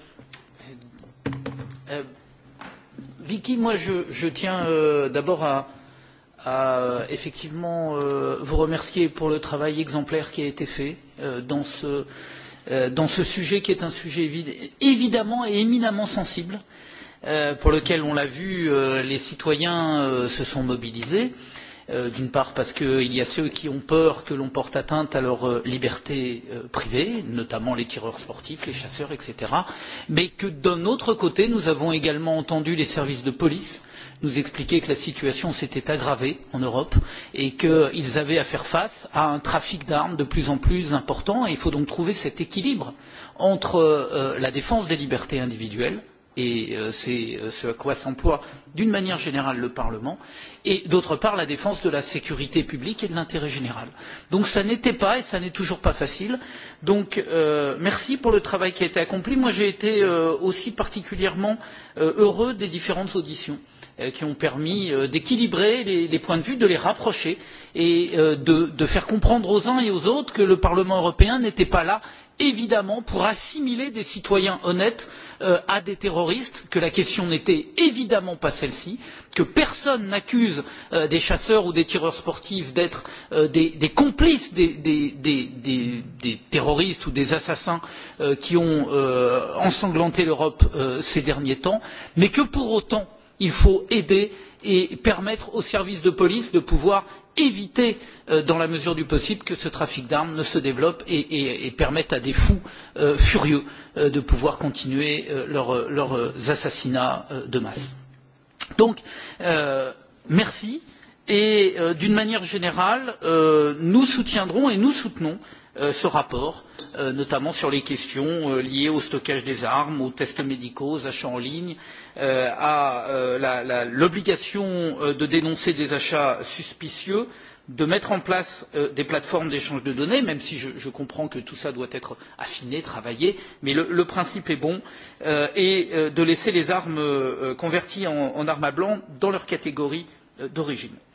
Euh, Vicky, moi, je, je tiens euh, d'abord à, à effectivement euh, vous remercier pour le travail exemplaire qui a été fait euh, dans, ce, euh, dans ce sujet qui est un sujet évi évidemment et éminemment sensible, euh, pour lequel, on l'a vu, euh, les citoyens euh, se sont mobilisés. Euh, Euh, d'une part parce qu'il y a ceux qui ont peur que l'on porte atteinte à leur euh, liberté euh, privée, notamment les tireurs sportifs, les chasseurs, etc. Mais que d'un autre côté, nous avons également entendu les services de police nous expliquer que la situation s'était aggravée en Europe et qu'ils avaient à faire face à un trafic d'armes de plus en plus important. Et il faut donc trouver cet équilibre entre euh, la défense des libertés individuelles et euh, c'est euh, ce à quoi s'emploie d'une manière générale le Parlement, et d'autre part la défense de la sécurité publique et de l'intérêt général. Donc ça n'était pas et ça n'est toujours pas facile. Donc euh, merci pour le travail qui a été accompli. Moi j'ai été euh, aussi particulièrement euh, heureux des différentes auditions euh, qui ont permis euh, d'équilibrer les, les points de vue, de les rapprocher et euh, de, de faire comprendre aux uns et aux autres que le Parlement européen n'était pas là évidemment pour assimiler des citoyens honnêtes euh, à des terroristes que la question n'était évidemment pas celle ci que personne n'accuse euh, des chasseurs ou des tireurs sportifs d'être euh, des, des complices des, des, des, des, des terroristes ou des assassins euh, qui ont euh, ensanglanté l'europe euh, ces derniers temps mais que pour autant il faut aider et permettre aux services de police de pouvoir éviter euh, dans la mesure du possible que ce trafic d'armes ne se développe et, et, et permette à des fous euh, furieux euh, de pouvoir continuer euh, leur, euh, leurs euh, assassinats euh, de masse. Donc, euh, merci. Et euh, d'une manière générale, euh, nous soutiendrons et nous soutenons euh, Euh, ce rapport, euh, notamment sur les questions euh, liées au stockage des armes, aux tests médicaux, aux achats en ligne, à l'obligation de dénoncer des achats suspicieux, de mettre en place euh, des plateformes d'échange de données, même si je, je comprends que tout ça doit être affiné, travaillé, mais le, le principe est bon, euh, et euh, de laisser les armes euh, converties en, en armes à blanc dans leur catégorie euh, d'origine. Euh,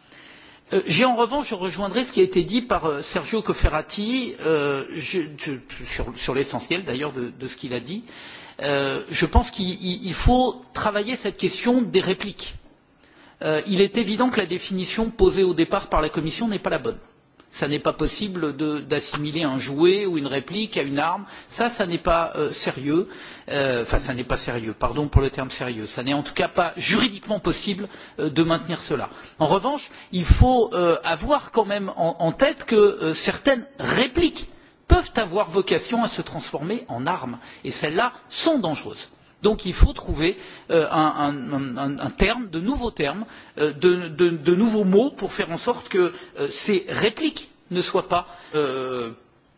Euh, j'ai en revanche, je rejoindrai ce qui a été dit par euh, Sergio Cofferati euh, je, je, sur, sur l'essentiel d'ailleurs de, de ce qu'il a dit. Euh, je pense qu'il faut travailler cette question des répliques. Euh, il est évident que la définition posée au départ par la Commission n'est pas la bonne. Euh, ça n'est pas possible d'assimiler un jouet ou une réplique à une arme. Ça, ça n'est pas euh, sérieux. Euh, enfin, ça n'est pas sérieux. Pardon pour le terme sérieux. Ça n'est en tout cas pas juridiquement possible euh, de maintenir cela. En revanche, il faut euh, avoir quand même en, en tête que euh, certaines répliques peuvent avoir vocation à se transformer en armes. Et celles-là sont dangereuses donc il faut trouver euh, un, un, un, un terme de nouveaux termes euh, de, de, de nouveaux mots pour faire en sorte que euh, ces répliques ne soient pas euh,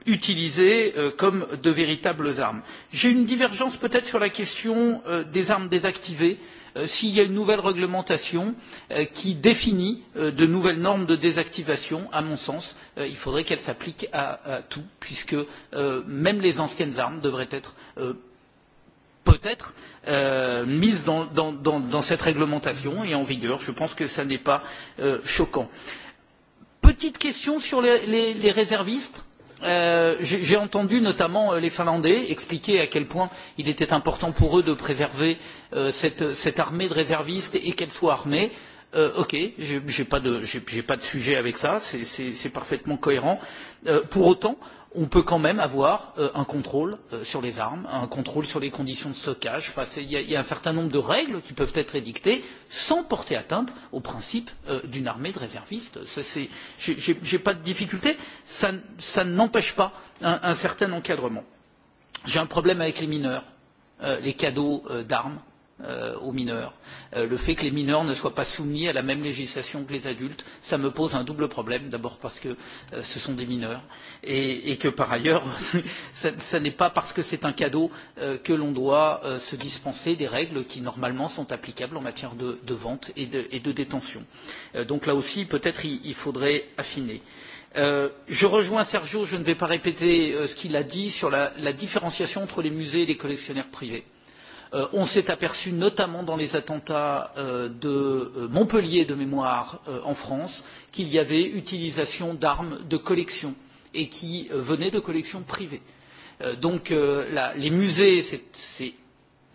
utilisées euh, comme de véritables armes. J'ai une divergence peut-être sur la question euh, des armes désactivées. Euh, S'il y a une nouvelle réglementation euh, qui définit euh, de nouvelles normes de désactivation, à mon sens, euh, il faudrait qu'elle s'applique à, à tout, puisque euh, même les anciennes armes devraient être euh, peut être euh, mise dans, dans, dans, dans cette réglementation et en vigueur. Je pense que ça n'est pas euh, choquant. Petite question sur les, les, les réservistes. Euh, J'ai entendu notamment euh, les Finlandais expliquer à quel point il était important pour eux de préserver euh, cette, cette armée de réservistes et qu'elle soit armée. Euh, ok, j'ai pas de j'ai pas de sujet avec ça, c'est parfaitement cohérent. Euh, pour autant, euh, on peut quand même avoir euh, un contrôle euh, sur les armes, un contrôle sur les conditions de stockage. Enfin, il y, y a un certain nombre de règles qui peuvent être édictées sans porter atteinte au principe euh, d'une armée de réservistes. Je n'ai pas de difficulté. Ça, ça n'empêche pas un, un certain encadrement. J'ai un problème avec les mineurs, euh, les cadeaux euh, d'armes euh, aux mineurs. Euh, le fait que les mineurs ne soient pas soumis à la même législation que les adultes, ça me pose un double problème. D'abord parce que euh, ce sont des mineurs et, et que par ailleurs, ce n'est pas parce que c'est un cadeau euh, que l'on doit euh, se dispenser des règles qui normalement sont applicables en matière de, de vente et de, et de détention. Euh, donc là aussi, peut-être il, il faudrait affiner. Euh, Euh, je rejoins Sergio, je ne vais pas répéter euh, ce qu'il a dit sur la, la différenciation entre les musées et les collectionneurs privés. Euh, euh, on s'est aperçu notamment dans les attentats euh, de euh, Montpellier de mémoire euh, en France qu'il y avait utilisation d'armes de collection et qui euh, venaient de collections privées. Euh, donc euh, la, les musées, c'est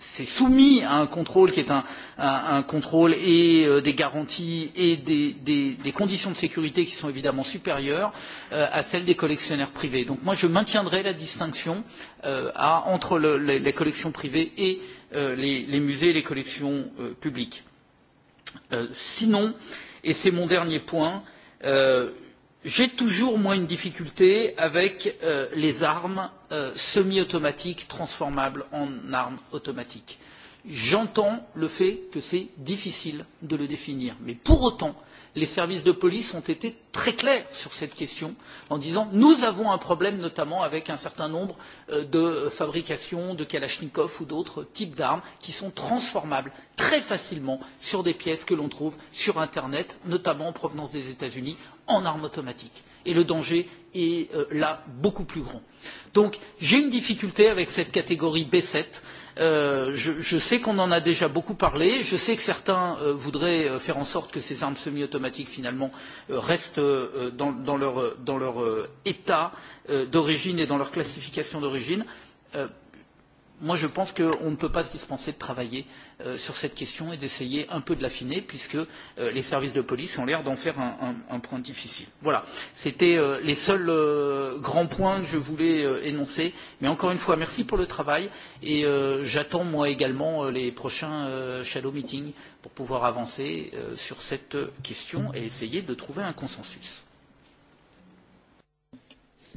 c'est soumis à un contrôle qui est un, à un contrôle et euh, des garanties et des, des, des conditions de sécurité qui sont évidemment supérieures euh, à celles des collectionneurs privés. Donc moi je maintiendrai la distinction euh, à, entre le, les, les collections privées et euh, les, les musées et les collections euh, publiques. Euh, sinon, et c'est mon dernier point, euh, j'ai toujours moi une difficulté avec euh, les armes euh, semi-automatiques transformables en armes automatiques. J'entends le fait que c'est difficile de le définir, mais pour autant, les services de police ont été très clairs sur cette question en disant nous avons un problème notamment avec un certain nombre euh, de fabrications de kalachnikov ou d'autres types d'armes qui sont transformables très facilement sur des pièces que l'on trouve sur internet notamment en provenance des états unis en armes automatiques et le danger est euh, là beaucoup plus grand. donc j'ai une difficulté avec cette catégorie b sept euh, je, je sais qu'on en a déjà beaucoup parlé, je sais que certains euh, voudraient euh, faire en sorte que ces armes semi-automatiques finalement euh, restent euh, dans, dans leur, dans leur euh, état euh, d'origine et dans leur classification d'origine. Euh, moi je pense qu'on ne peut pas se dispenser de travailler euh, sur cette question et d'essayer un peu de l'affiner puisque euh, les services de police ont l'air d'en faire un, un, un point difficile. Voilà, c'était euh, les seuls euh, grands points que je voulais euh, énoncer. Mais encore une fois, merci pour le travail et euh, j'attends moi également euh, les prochains euh, shadow meetings pour pouvoir avancer euh, sur cette euh, question et essayer de trouver un consensus.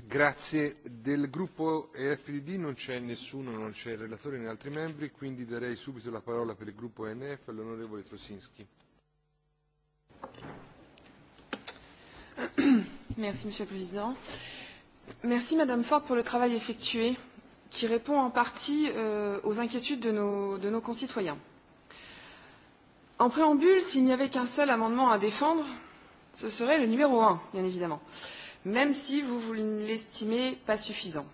Grazie. Del gruppo EFDD non c'è nessuno, non c'è il relatore né altri membri, quindi darei subito la parola per il gruppo ENF all'onorevole Trosinski. Merci Monsieur le Président. Merci Madame Ford pour le travail effectué qui répond en partie euh, aux inquiétudes de nos, de nos concitoyens. En préambule, s'il n'y avait qu'un seul amendement à défendre, ce serait le numéro 1, bien évidemment. Euh, même si vous, vous ne l'estimez pas suffisant.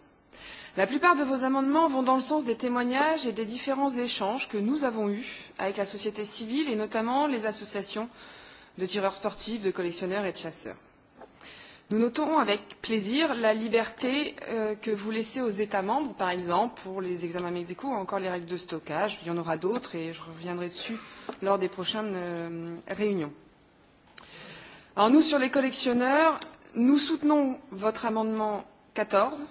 La plupart de vos amendements vont dans le sens des témoignages et des différents échanges que nous avons eus avec la société civile et notamment les associations de tireurs sportifs, de collectionneurs et de chasseurs. Nous notons avec plaisir la liberté euh, que vous laissez aux États membres, par exemple, pour les examens médicaux ou encore les règles de stockage. Il y en aura d'autres et je reviendrai dessus lors des prochaines euh, réunions. Alors nous, sur les collectionneurs, nous soutenons votre amendement quatorze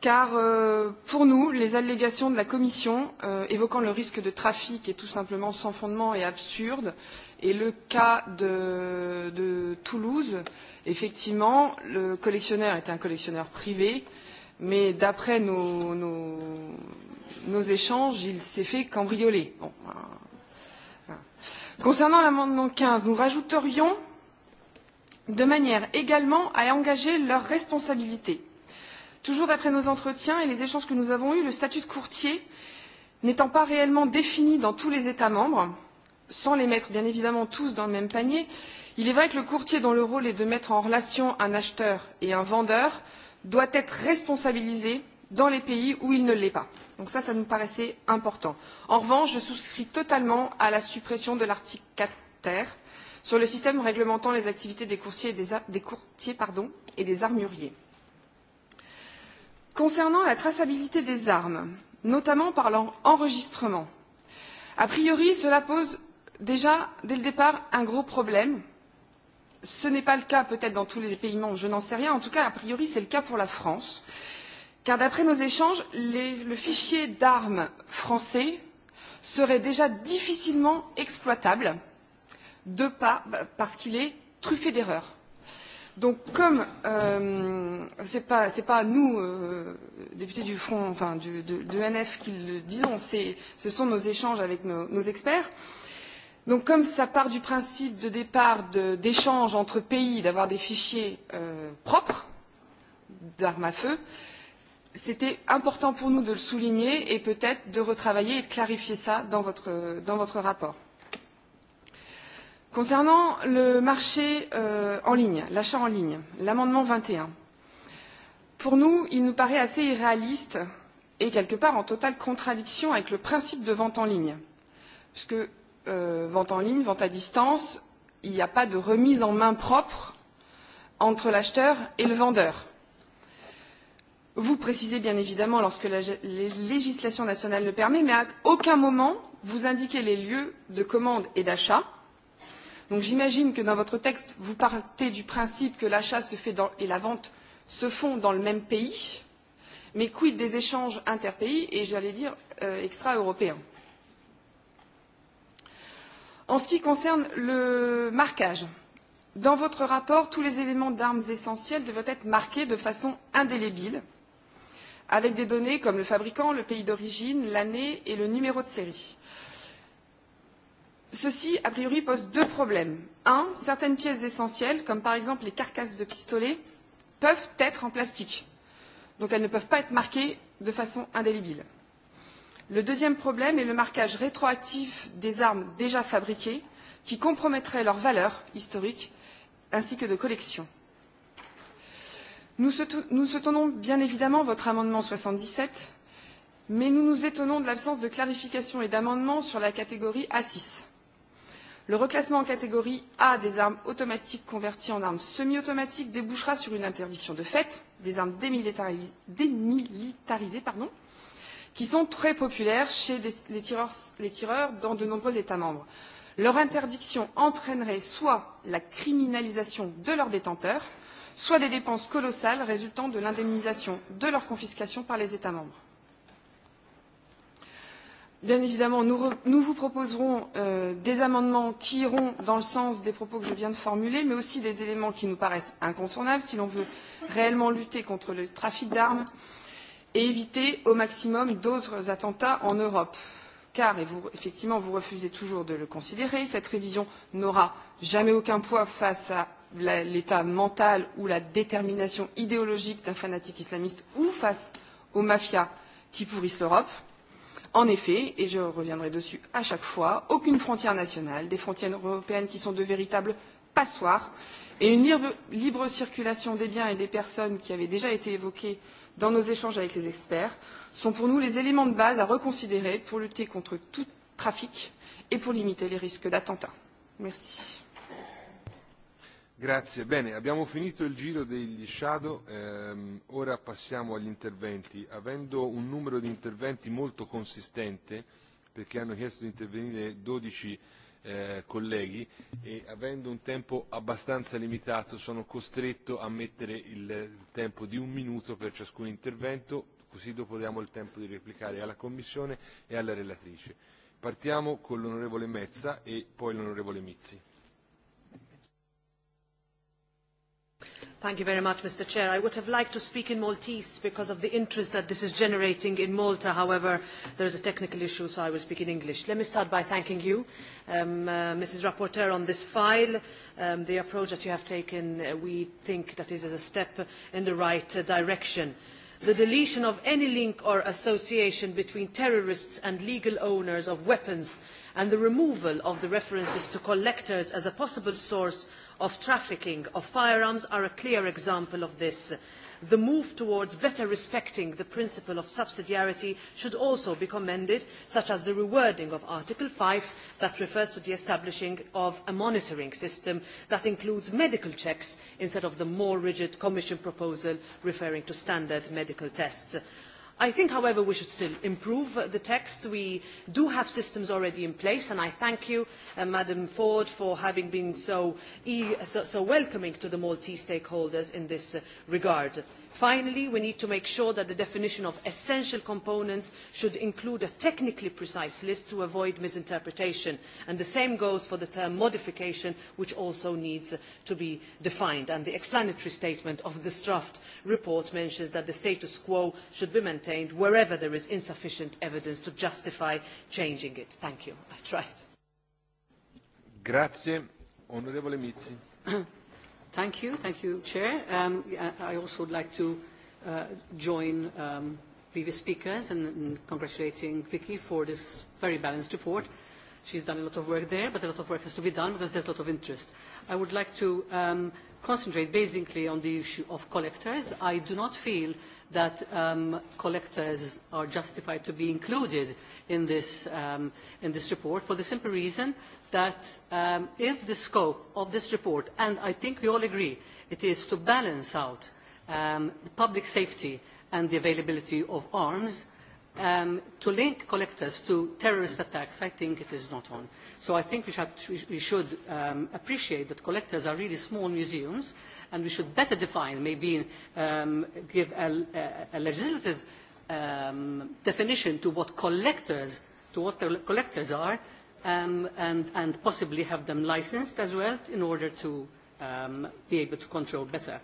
car euh, pour nous les allégations de la commission euh, évoquant le risque de trafic est tout simplement sans fondement et absurde et le cas de, de toulouse effectivement le collectionneur était un collectionneur privé mais d'après nos, nos, nos échanges il s'est fait cambrioler. Bon, voilà. Concernant l'amendement 15, nous rajouterions de manière également à engager leurs responsabilités. Toujours d'après nos entretiens et les échanges que nous avons eus, le statut de courtier n'étant pas réellement défini dans tous les États membres, sans les mettre bien évidemment tous dans le même panier, il est vrai que le courtier dont le rôle est de mettre en relation un acheteur et un vendeur doit être responsabilisé dans les pays où il ne l'est pas. Donc ça, ça nous paraissait important. En revanche, je souscris totalement à la suppression de l'article 4 terre sur le système réglementant les activités des, coursiers et des, des courtiers pardon, et des armuriers. Concernant la traçabilité des armes, notamment par leur enregistrement, a priori, cela pose déjà, dès le départ, un gros problème. Ce n'est pas le cas peut-être dans tous les pays membres, je n'en sais rien. En tout cas, a priori, c'est le cas pour la France. Car d'après nos échanges, les, le fichier d'armes français serait déjà difficilement exploitable euh, de pas parce qu'il est truffé d'erreurs. Donc comme euh, ce n'est pas, pas nous, euh, députés du Front, enfin du, de, de NF, qui le disons, ce sont nos échanges avec nos, nos experts. Donc comme ça part du principe de départ d'échanges entre pays, d'avoir des fichiers euh, propres d'armes à feu, c'était important pour nous de le souligner et peut-être de retravailler et de clarifier ça dans votre, dans votre rapport. Concernant le marché euh, en ligne, l'achat en ligne, l'amendement 21, pour nous, il nous paraît assez irréaliste et quelque part en totale contradiction avec le principe de vente en ligne. Puisque euh, vente en ligne, vente à distance, il n'y a pas de remise en main propre entre l'acheteur et le vendeur. Vous précisez bien évidemment lorsque la législation nationale le permet, mais à aucun moment vous indiquez les lieux de commande et d'achat Donc j'imagine que dans votre texte, vous partez du principe que l'achat se fait dans, et la vente se font dans le même pays, mais quid des échanges interpays et j'allais dire euh, extra-européens En ce qui concerne le marquage, dans votre rapport, tous les éléments d'armes essentielles devraient être marqués de façon indélébile, avec des données comme le fabricant, le pays d'origine, l'année et le numéro de série. Euh, Ceci, a priori, pose deux problèmes. Un, certaines pièces essentielles, comme par exemple les carcasses de pistolets, peuvent être en plastique. Donc elles ne peuvent pas être marquées de façon indélébile. Le deuxième problème est le marquage rétroactif des armes déjà fabriquées, qui compromettrait leur valeur historique ainsi que de collection. Nous soutenons bien évidemment votre amendement 77, mais nous nous étonnons de l'absence de clarification et d'amendement sur la catégorie A6 Le reclassement en catégorie A des armes automatiques converties en armes semi-automatiques débouchera sur une interdiction de fait des armes démilitarisées, démilitarisées pardon, qui sont très populaires chez des, les, tireurs, les tireurs dans de nombreux États membres. Leur interdiction entraînerait soit la criminalisation de leurs détenteurs, soit des dépenses colossales résultant de l'indemnisation de leur confiscation par les États membres. Bien évidemment, nous, re, nous vous proposerons euh, des amendements qui iront dans le sens des propos que je viens de formuler, mais aussi des éléments qui nous paraissent incontournables si l'on veut réellement lutter contre le trafic d'armes et éviter au maximum d'autres attentats en Europe. Car, et vous, effectivement, vous refusez toujours de le considérer, cette révision n'aura jamais aucun poids face à l'état mental ou la détermination idéologique d'un fanatique islamiste ou face aux mafias qui pourrissent l'Europe En effet, et je reviendrai dessus à chaque fois, aucune frontière nationale, des frontières européennes qui sont de véritables passoires, et une libre, libre circulation des biens et des personnes qui avait déjà été évoquée dans nos échanges avec les experts sont pour nous les éléments de base à reconsidérer pour lutter contre tout trafic et pour limiter les risques d'attentats. Merci. Grazie. Bene, abbiamo finito il giro degli shadow, ehm, ora passiamo agli interventi. Avendo un numero di interventi molto consistente, perché hanno chiesto di intervenire 12 eh, colleghi e avendo un tempo abbastanza limitato sono costretto a mettere il tempo di un minuto per ciascun intervento, così dopo diamo il tempo di replicare alla Commissione e alla relatrice. Partiamo con l'onorevole Mezza e poi l'onorevole Mizzi. Thank you very much, Mr. Chair. I would have liked to speak in Maltese because of the interest that this is generating in Malta. However, there is a technical issue, so I will speak in English. Let me start by thanking you, um, uh, Mrs. Rapporteur, on this file. Um, the approach that you have taken, uh, we think that is a step in the right uh, direction. The deletion of any link or association between terrorists and legal owners of weapons and the removal of the references to collectors as a possible source of trafficking of firearms are a clear example of this. The move towards better respecting the principle of subsidiarity should also be commended, such as the rewording of Article 5 that refers to the establishing of a monitoring system that includes medical checks instead of the more rigid Commission proposal referring to standard medical tests. I think, however, we should still improve the text. We do have systems already in place, and I thank you, uh, Madam Ford, for having been so, e so, so welcoming to the Maltese stakeholders in this uh, regard finally we need to make sure that the definition of essential components should include a technically precise list to avoid misinterpretation and the same goes for the term modification which also needs to be defined and the explanatory statement of this draft report mentions that the status quo should be maintained wherever there is insufficient evidence to justify changing it. thank you. i tried. Grazie, onorevole Mizzi. Thank you. Thank you, Chair. Um, I also would like to uh, join um, previous speakers in, in congratulating Vicky for this very balanced report. She's done a lot of work there, but a lot of work has to be done because there's a lot of interest. I would like to um, concentrate basically on the issue of collectors. I do not feel that um, collectors are justified to be included in this, um, in this report for the simple reason that um, if the scope of this report, and I think we all agree, it is to balance out um, public safety and the availability of arms, um, to link collectors to terrorist attacks, I think it is not on. So I think we should, we should um, appreciate that collectors are really small museums, and we should better define, maybe um, give a, a, a legislative um, definition to what collectors, to what the collectors are, um, and, and possibly have them licensed as well in order to um, be able to control better.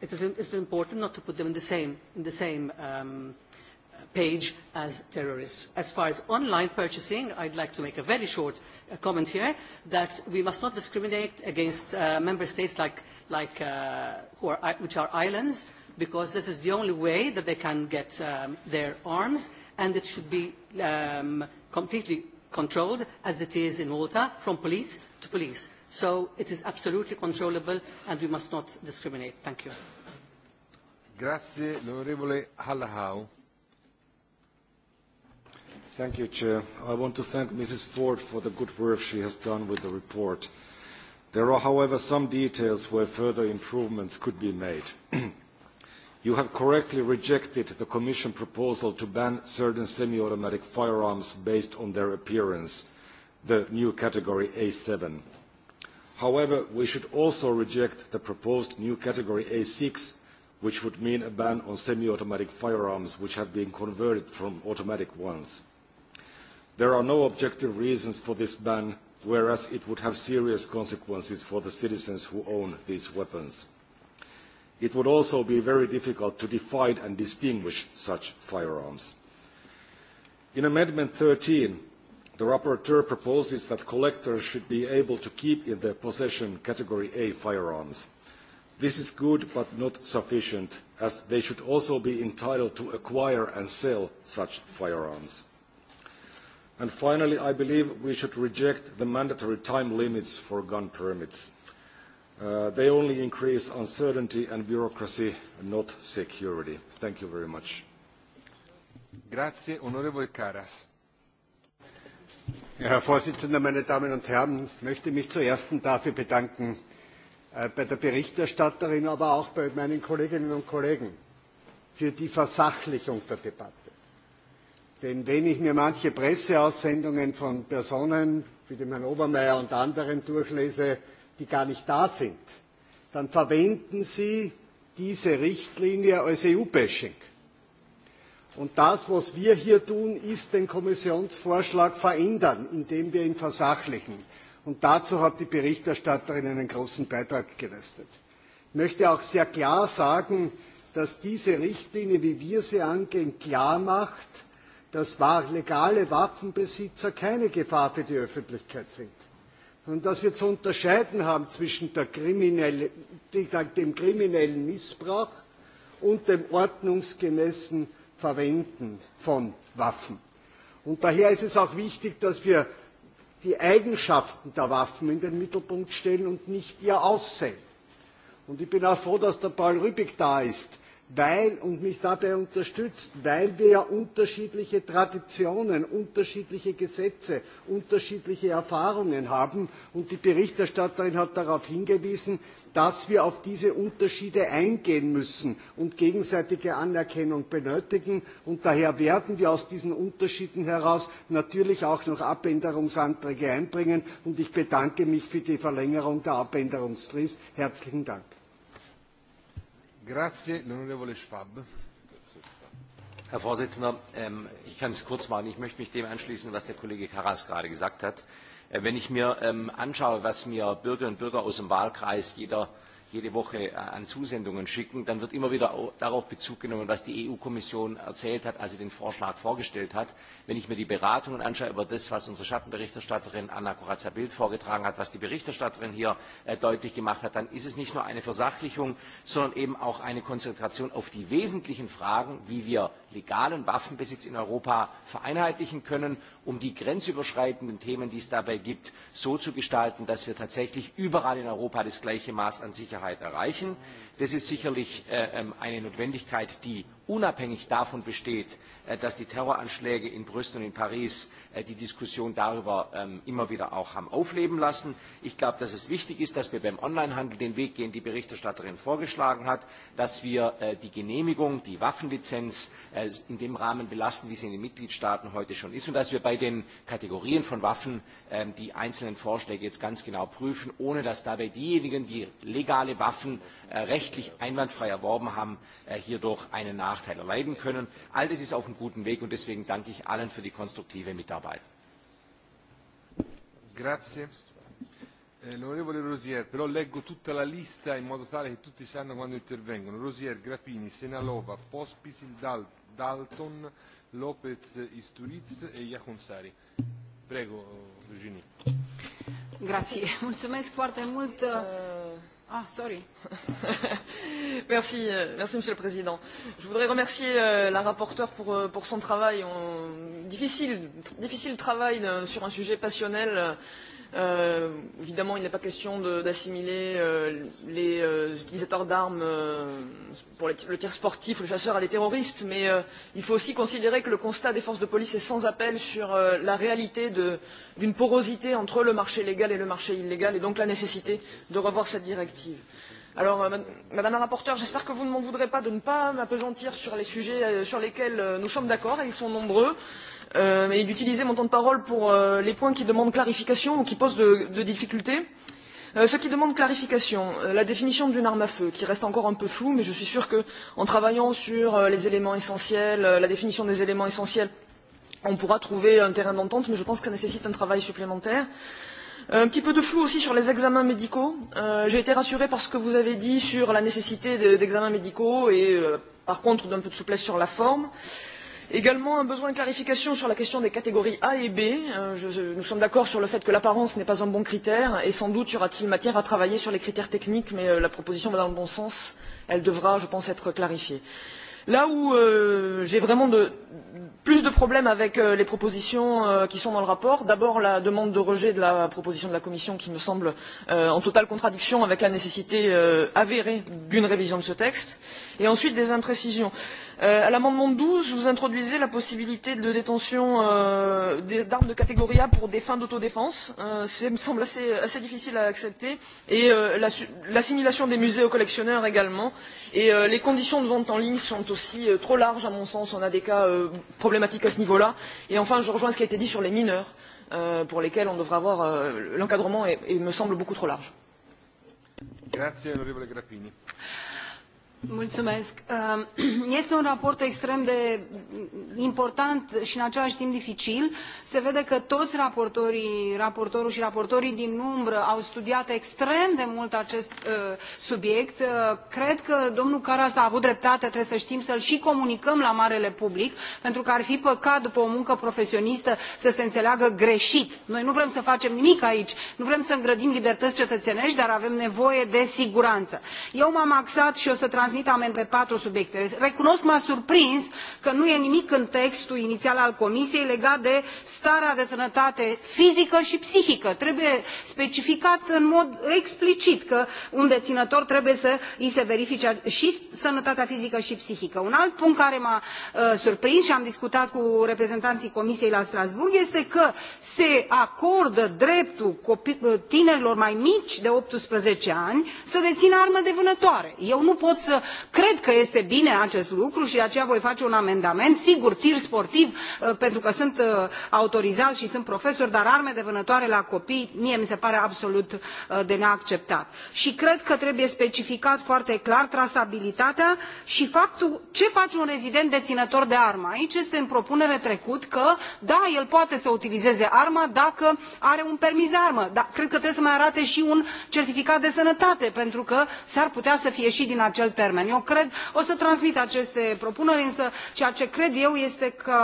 It is it's important not to put them in the same, in the same um, uh, page as terrorists. As far as online purchasing, I'd like to make a very short uh, comment here that we must not discriminate against uh, member states like, like, uh, who are, which are islands because this is the only way that they can get um, their arms and it should be um, completely controlled as it is in Malta from police to police. So it is absolutely controllable and we must not discriminate. Thank you. Grazie, l'onorevole Hallahau. Thank you, Chair. I want to thank Mrs. Ford for the good work she has done with the report. There are, however, some details where further improvements could be made. you have correctly rejected the Commission proposal to ban certain semi-automatic firearms based on their appearance, the new category A7. However, we should also reject the proposed new category A6, which would mean a ban on semi-automatic firearms which have been converted from automatic ones. There are no objective reasons for this ban, whereas it would have serious consequences for the citizens who own these weapons. It would also be very difficult to define and distinguish such firearms. In Amendment 13, the rapporteur proposes that collectors should be able to keep in their possession Category A firearms. This is good but not sufficient, as they should also be entitled to acquire and sell such firearms. And finally, I believe we should reject the mandatory time limits for gun permits. Uh, they only increase uncertainty and bureaucracy, not security. Thank you very much. Grazie, onorevole Karas. Herr Vorsitzender, meine Damen und Herren! Ich möchte mich zuerst dafür bedanken, äh, bei der Berichterstatterin, aber auch bei meinen Kolleginnen und Kollegen für die Versachlichung der Debatte Denn wenn ich mir manche Presseaussendungen von Personen wie dem Herrn Obermeier und anderen durchlese, die gar nicht da sind, dann verwenden sie diese Richtlinie als EU-Bashing. Und das, was wir hier tun, ist den Kommissionsvorschlag verändern, indem wir ihn versachlichen. Und dazu hat die Berichterstatterin einen großen Beitrag geleistet. Ich möchte auch sehr klar sagen, dass diese Richtlinie, wie wir sie angehen, klar macht, dass legale waffenbesitzer keine gefahr für die öffentlichkeit sind sondern dass wir zu unterscheiden haben zwischen dem kriminellen missbrauch und dem ordnungsgemäßen verwenden von waffen. daher ist es auch wichtig dass wir die eigenschaften der waffen in den mittelpunkt stellen und nicht ihr aussehen. ich bin auch froh dass paul rübig da ist weil und mich dabei unterstützt, weil wir ja unterschiedliche Traditionen, unterschiedliche Gesetze, unterschiedliche Erfahrungen haben. Und die Berichterstatterin hat darauf hingewiesen, dass wir auf diese Unterschiede eingehen müssen und gegenseitige Anerkennung benötigen. Und daher werden wir aus diesen Unterschieden heraus natürlich auch noch Abänderungsanträge einbringen. Und ich bedanke mich für die Verlängerung der Abänderungsfrist. Herzlichen Dank. Grazie, l'onorevole Schwab. Herr Vorsitzender, ähm, ich kann es kurz machen. Ich möchte mich dem anschließen, was der Kollege Karas gerade gesagt hat. Äh, wenn ich mir ähm, anschaue, was mir Bürgerinnen und Bürger aus dem Wahlkreis jeder jede Woche äh, an Zusendungen schicken, dann wird immer wieder darauf Bezug genommen, was die EU-Kommission erzählt hat, als sie den Vorschlag vorgestellt hat. Wenn ich mir die Beratungen anschaue über das, was unsere Schattenberichterstatterin Anna Corazza-Bild vorgetragen hat, was die Berichterstatterin hier äh, deutlich gemacht hat, dann ist es nicht nur eine Versachlichung, sondern eben auch eine Konzentration auf die wesentlichen Fragen, wie wir legalen Waffenbesitz in Europa vereinheitlichen können, um die grenzüberschreitenden Themen, die es dabei gibt, so zu gestalten, dass wir tatsächlich überall in Europa das gleiche Maß an Sicherheit erreichen. Das ist sicherlich äh, ähm, eine Notwendigkeit, die unabhängig davon besteht, äh, dass die Terroranschläge in Brüssel und in Paris äh, die Diskussion darüber ähm, immer wieder auch haben aufleben lassen. Ich glaube, dass es wichtig ist, dass wir beim Onlinehandel den Weg gehen, die Berichterstatterin vorgeschlagen hat, dass wir die Genehmigung, die Waffenlizenz in dem Rahmen belassen, wie sie in den Mitgliedstaaten heute schon ist und dass wir bei den Kategorien von Waffen ähm, die einzelnen Vorschläge jetzt ganz genau prüfen, ohne dass dabei diejenigen, die legale Waffen rechtlich rechtlich einwandfrei erworben haben, äh, hierdurch einen Nachteil erleiden können. All das ist auf einem guten Weg und deswegen danke ich allen für die konstruktive Mitarbeit. Grazie. Eh, L'onorevole Rosier, però leggo tutta la lista in modo tale che tutti sanno quando intervengono. Rosier, Grappini, Senalova, Pospisil, Dal, Dalton, Lopez, Isturiz e Iaconsari. Prego, Virginie. Grazie, mulțumesc foarte mult. Uh Ah, sorry. merci, euh, merci Monsieur le Président. Je voudrais remercier euh, la rapporteure pour, euh, pour son travail. On... Difficile, difficile travail euh, sur un sujet passionnel. Euh, Euh, évidemment, il n'est pas question d'assimiler euh, les euh, utilisateurs d'armes euh, pour les, le tir sportif ou les chasseurs à des terroristes, mais euh, il faut aussi considérer que le constat des forces de police est sans appel sur euh, la réalité d'une porosité entre le marché légal et le marché illégal, et donc la nécessité de revoir cette directive. Alors, euh, Madame la rapporteure, j'espère que vous ne m'en voudrez pas de ne pas m'apesantir sur les sujets euh, sur lesquels euh, nous sommes d'accord, et ils sont nombreux. Euh, euh, et d'utiliser mon temps de parole pour euh, les points qui demandent clarification ou qui posent de, de difficultés. Euh, ce qui demande clarification, euh, la définition d'une arme à feu, qui reste encore un peu floue, mais je suis sûr qu'en travaillant sur euh, les éléments essentiels, euh, la définition des éléments essentiels, on pourra trouver un terrain d'entente, mais je pense que ça nécessite un travail supplémentaire. Un petit peu de flou aussi sur les examens médicaux. Euh, J'ai été rassurée par ce que vous avez dit sur la nécessité d'examens médicaux et euh, par contre d'un peu de souplesse sur la forme. Euh, également un besoin de clarification sur la question des catégories a et b. Euh, je, je, nous sommes d'accord sur le fait que l'apparence n'est pas un bon critère et sans doute y aura t il matière à travailler sur les critères techniques mais euh, la proposition va dans le bon sens elle devra je pense être clarifiée. là où euh, j'ai vraiment de, plus de problèmes avec euh, les propositions euh, qui sont dans le rapport d'abord la demande de rejet de la proposition de la commission qui me semble euh, en totale contradiction avec la nécessité avérée d'une révision de ce texte et ensuite des imprécisions. Euh, Euh, à l'amendement douze vous introduisez la possibilité de détention euh, d'armes de catégorie a pour des fins d'autodéfense. Euh, cela me semble assez, assez difficile à accepter et euh, l'assimilation la, des musées aux collectionneurs également. et euh, les conditions de vente en ligne sont aussi euh, trop larges à mon sens on a des cas problématiques à ce niveau là. et enfin je rejoins ce qui a été dit sur les mineurs pour lesquels on devrait avoir l'encadrement est, est me semble beaucoup trop large. Grazie, Mulțumesc. Ehm, este un raport extrem de important și în același timp dificil. Se vede că toți raportorii, raportorul și raportorii din umbră au studiat extrem de mult acest ehm, subiect. Ehm, cred că domnul Caras a avut dreptate, trebuie să știm să-l și comunicăm la marele public, pentru că ar fi păcat după o muncă profesionistă să se înțeleagă greșit. Noi nu vrem să facem nimic aici, nu vrem să îngrădim libertăți cetățenești, dar avem nevoie de siguranță. Eu m-am axat și o să trans transmit amendamente pe patru subiecte. recunosc m a surprins că nu e nimic în textul inițial al comisiei legat de starea de sănătate fizică și psihică. trebuie specificat în mod explicit că un deținător trebuie să i se verifice și sănătatea fizică și psihică. un alt punct care m a uh, surprins și am discutat cu reprezentanții comisiei la strasbourg este că se acordă dreptul uh, tinerilor mai mici de optsprezece ani să dețină arme de vânătoare. eu nu pot să noastră cred că este bine acest lucru și de aceea voi face un amendament sigur tir sportiv uh, pentru că sunt uh, autorizat și sunt profesor dar arme de vânătoare la copii mie mi se pare absolut uh, de neacceptat și cred că trebuie specificat foarte clar trasabilitatea și faptul ce face un rezident deținător de armă aici este în propunere trecut că da el poate să utilizeze arma dacă are un permis de armă dar cred că trebuie să mai arate și un certificat de sănătate pentru că s ar putea să fie și din acel teren termen. Eu cred, o să transmit aceste propuneri, însă ceea ce cred eu este că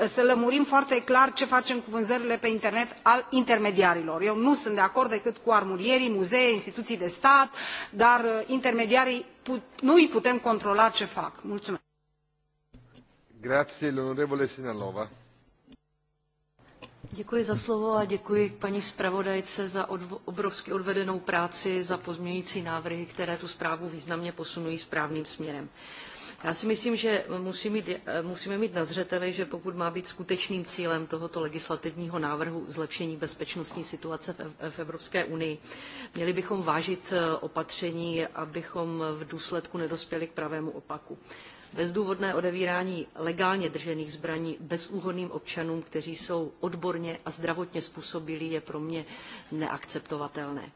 eh, să lămurim foarte clar ce facem cu vânzările pe internet al intermediarilor. Eu nu sunt de acord decât cu armurierii, muzee, instituții de stat, dar eh, intermediarii put, nu îi putem controla ce fac. Mulțumesc. Grazie, l'onorevole Sinalova. Děkuji za slovo a děkuji paní zpravodajce za odvo- obrovsky odvedenou práci, za pozměňující návrhy, které tu zprávu významně posunují správným směrem. Já si myslím, že musí mít, eh, musíme mít na zřeteli, že pokud má být skutečným cílem tohoto legislativního návrhu zlepšení bezpečnostní situace v Evropské unii, měli bychom vážit eh, opatření, abychom v důsledku nedospěli k pravému opaku bezdůvodné odevírání legálně držených zbraní bezúhonným občanům, kteří jsou odborně a zdravotně způsobilí, je pro mě neakceptovatelné.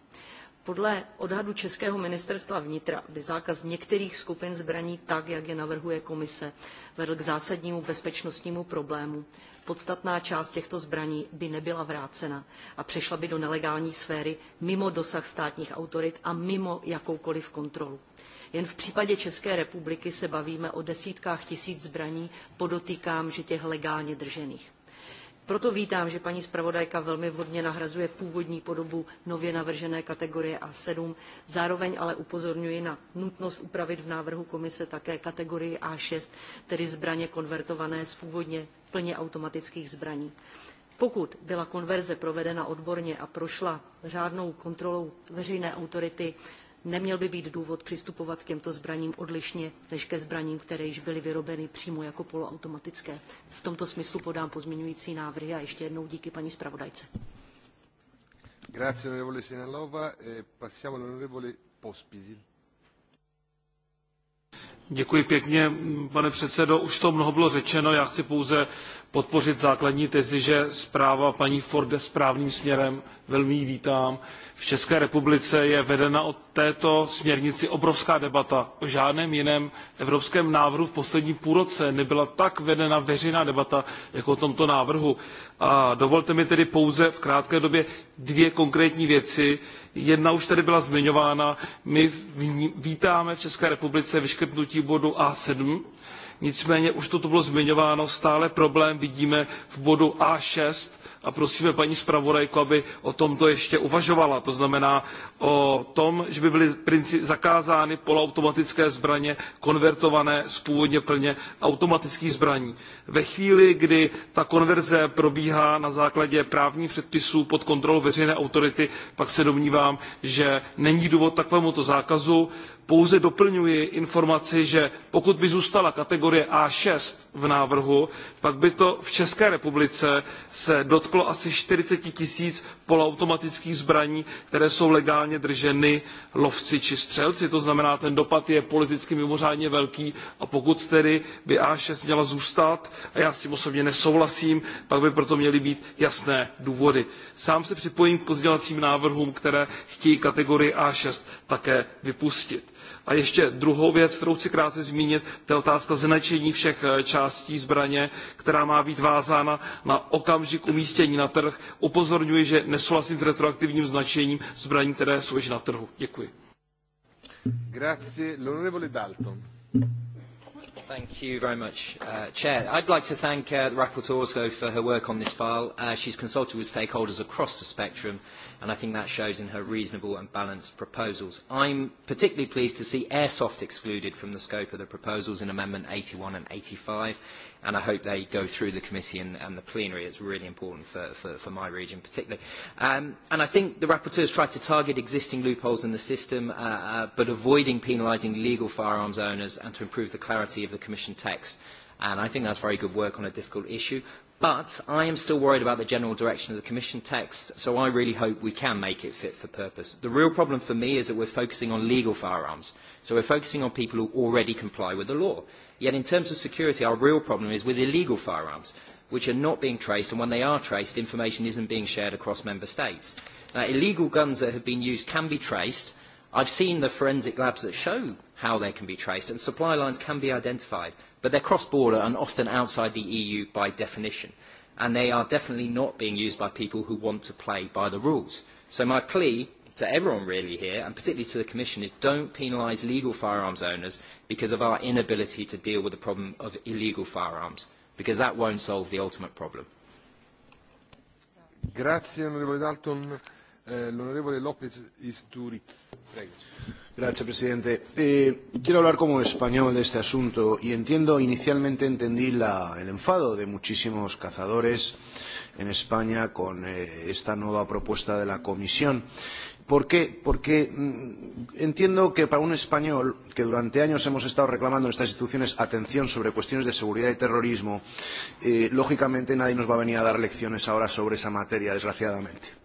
Podle odhadu Českého ministerstva vnitra by zákaz některých skupin zbraní tak, jak je navrhuje komise, vedl k zásadnímu bezpečnostnímu problému. Podstatná část těchto zbraní by nebyla vrácena a přešla by do nelegální sféry mimo dosah státních autorit a mimo jakoukoliv kontrolu. Jen v případě České republiky se bavíme o desítkách tisíc zbraní, podotýkám, že těch legálně držených. Proto vítám, že paní zpravodajka velmi vhodně nahrazuje původní podobu nově navržené kategorie A7, zároveň ale upozorňuji na nutnost upravit v návrhu komise také kategorii A6, tedy zbraně konvertované z původně plně automatických zbraní. Pokud byla konverze provedena odborně a prošla řádnou kontrolou veřejné autority, Neměl by být důvod přistupovat k těmto zbraním odlišně než ke zbraním, které již byly vyrobeny přímo jako poloautomatické. V tomto smyslu podám pozměňující návrhy a ještě jednou díky paní zpravodajce. Grazie onorevole Sinalova. E, passiamo all'onorevole Pospisil. Děkuji pěkně, pane předsedo. Už to mnoho bylo řečeno, já chci pouze podpořit základní tezi, že zpráva paní Ford jde správným směrem, velmi ji vítám. V České republice je vedena o této směrnici obrovská debata. O žádném jiném evropském návrhu v posledním půlroce nebyla tak vedena veřejná debata jako o tomto návrhu. A dovolte mi tedy pouze v krátké době dvě konkrétní věci. Jedna už tady byla zmiňována. My vítáme v České republice vyškrtnutí bodu A7 nicméně už to tu bylo zmiňováno stále problém vidíme v bodu a six a prosíme paní zpravodajku aby o tomto ještě uvažovala to znamená o tom že by byly zakázány poloautomatické zbraně konvertované z původně plně automatických zbraní. ve chvíli kdy ta konverze probíhá na základě právních předpisů pod kontrolou veřejné autority pak se domnívám že není důvod k takovémuto zákazu pouze doplňuji informaci že pokud by zůstala kategorie a six v návrhu pak by to v české republice se dotklo asi forty tisíc poloautomatických zbraní které jsou legálně drženy lovci či střelci to znamená ten dopad je politicky mimořádně velký a pokud tedy by a six měla zůstat a já s tím osobně nesouhlasím pak by pro to měly být jasné důvody. sám se připojím k pozměňovacím návrhům které chtějí kategorii a six také vypustit A ještě druhou věc, kterou chci krátce zmínit, to je otázka značení všech eh, částí zbraně, která má být vázána na okamžik umístění na trh. Upozorňuji, že nesouhlasím s retroaktivním značením zbraní, které jsou již na trhu. Děkuji. Grazie, l'onorevole Dalton. Thank you very much, uh, Chair. I'd like to thank uh, the Rapporteur Oslo for her work on this file. Uh, she's consulted with stakeholders across the spectrum and I think that shows in her reasonable and balanced proposals. I'm particularly pleased to see airsoft excluded from the scope of the proposals in Amendment 81 and 85, and I hope they go through the committee and, and the plenary. It's really important for, for, for my region particularly. Um, and I think the rapporteurs tried to target existing loopholes in the system, uh, uh, but avoiding penalising legal firearms owners and to improve the clarity of the Commission text and I think that's very good work on a difficult issue. But I am still worried about the general direction of the Commission text, so I really hope we can make it fit for purpose. The real problem for me is that we're focusing on legal firearms, so we're focusing on people who already comply with the law. Yet in terms of security, our real problem is with illegal firearms, which are not being traced, and when they are traced, information isn't being shared across member states. Now, illegal guns that have been used can be traced. I've seen the forensic labs that show how they can be traced, and supply lines can be identified, but they're cross-border and often outside the EU by definition, and they are definitely not being used by people who want to play by the rules. So my plea to everyone really here, and particularly to the Commission, is don't penalise legal firearms owners because of our inability to deal with the problem of illegal firearms, because that won't solve the ultimate problem. Grazie, onorevole Dalton. Eh, L'onorevole Lopez Isturiz. Prego. Gracias, presidente. Eh, quiero hablar como español de este asunto y entiendo, inicialmente entendí la, el enfado de muchísimos cazadores en España con eh, esta nueva propuesta de la Comisión. ¿Por qué? Porque mm, entiendo que para un español que durante años hemos estado reclamando en estas instituciones atención sobre cuestiones de seguridad y terrorismo, eh, lógicamente nadie nos va a venir a dar lecciones ahora sobre esa materia, desgraciadamente.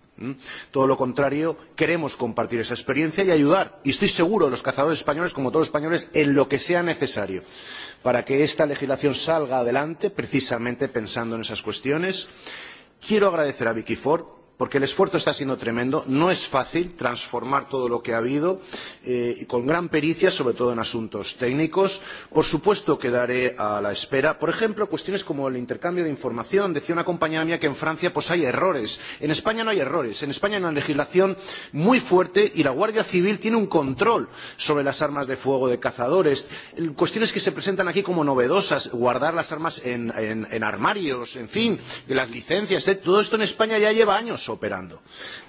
Todo lo contrario, queremos compartir esa experiencia y ayudar, y estoy seguro de los cazadores españoles, como todos los españoles, en lo que sea necesario para que esta legislación salga adelante, precisamente pensando en esas cuestiones. Quiero agradecer a Vicky Ford porque el esfuerzo está siendo tremendo. No es fácil transformar todo lo que ha habido eh, y con gran pericia, sobre todo en asuntos técnicos. Por supuesto, quedaré a la espera. Por ejemplo, cuestiones como el intercambio de información. Decía una compañera mía que en Francia pues, hay errores. En España no hay errores. En España hay una legislación muy fuerte y la Guardia Civil tiene un control sobre las armas de fuego de cazadores. Cuestiones que se presentan aquí como novedosas, guardar las armas en, en, en armarios, en fin, las licencias. Eh, todo esto en España ya lleva años estamos operando.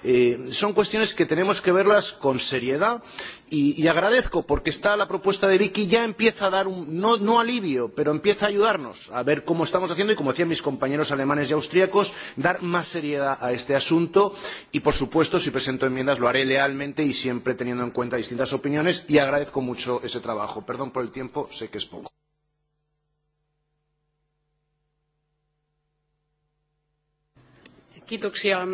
Eh, son cuestiones que tenemos que verlas con seriedad y, y agradezco porque está la propuesta de Vicky ya empieza a dar un no, no alivio, pero empieza a ayudarnos a ver cómo estamos haciendo y como decían mis compañeros alemanes y austríacos, dar más seriedad a este asunto y por supuesto si presento enmiendas lo haré lealmente y siempre teniendo en cuenta distintas opiniones y agradezco mucho ese trabajo. Perdón por el tiempo, sé que es poco. Kiitoksia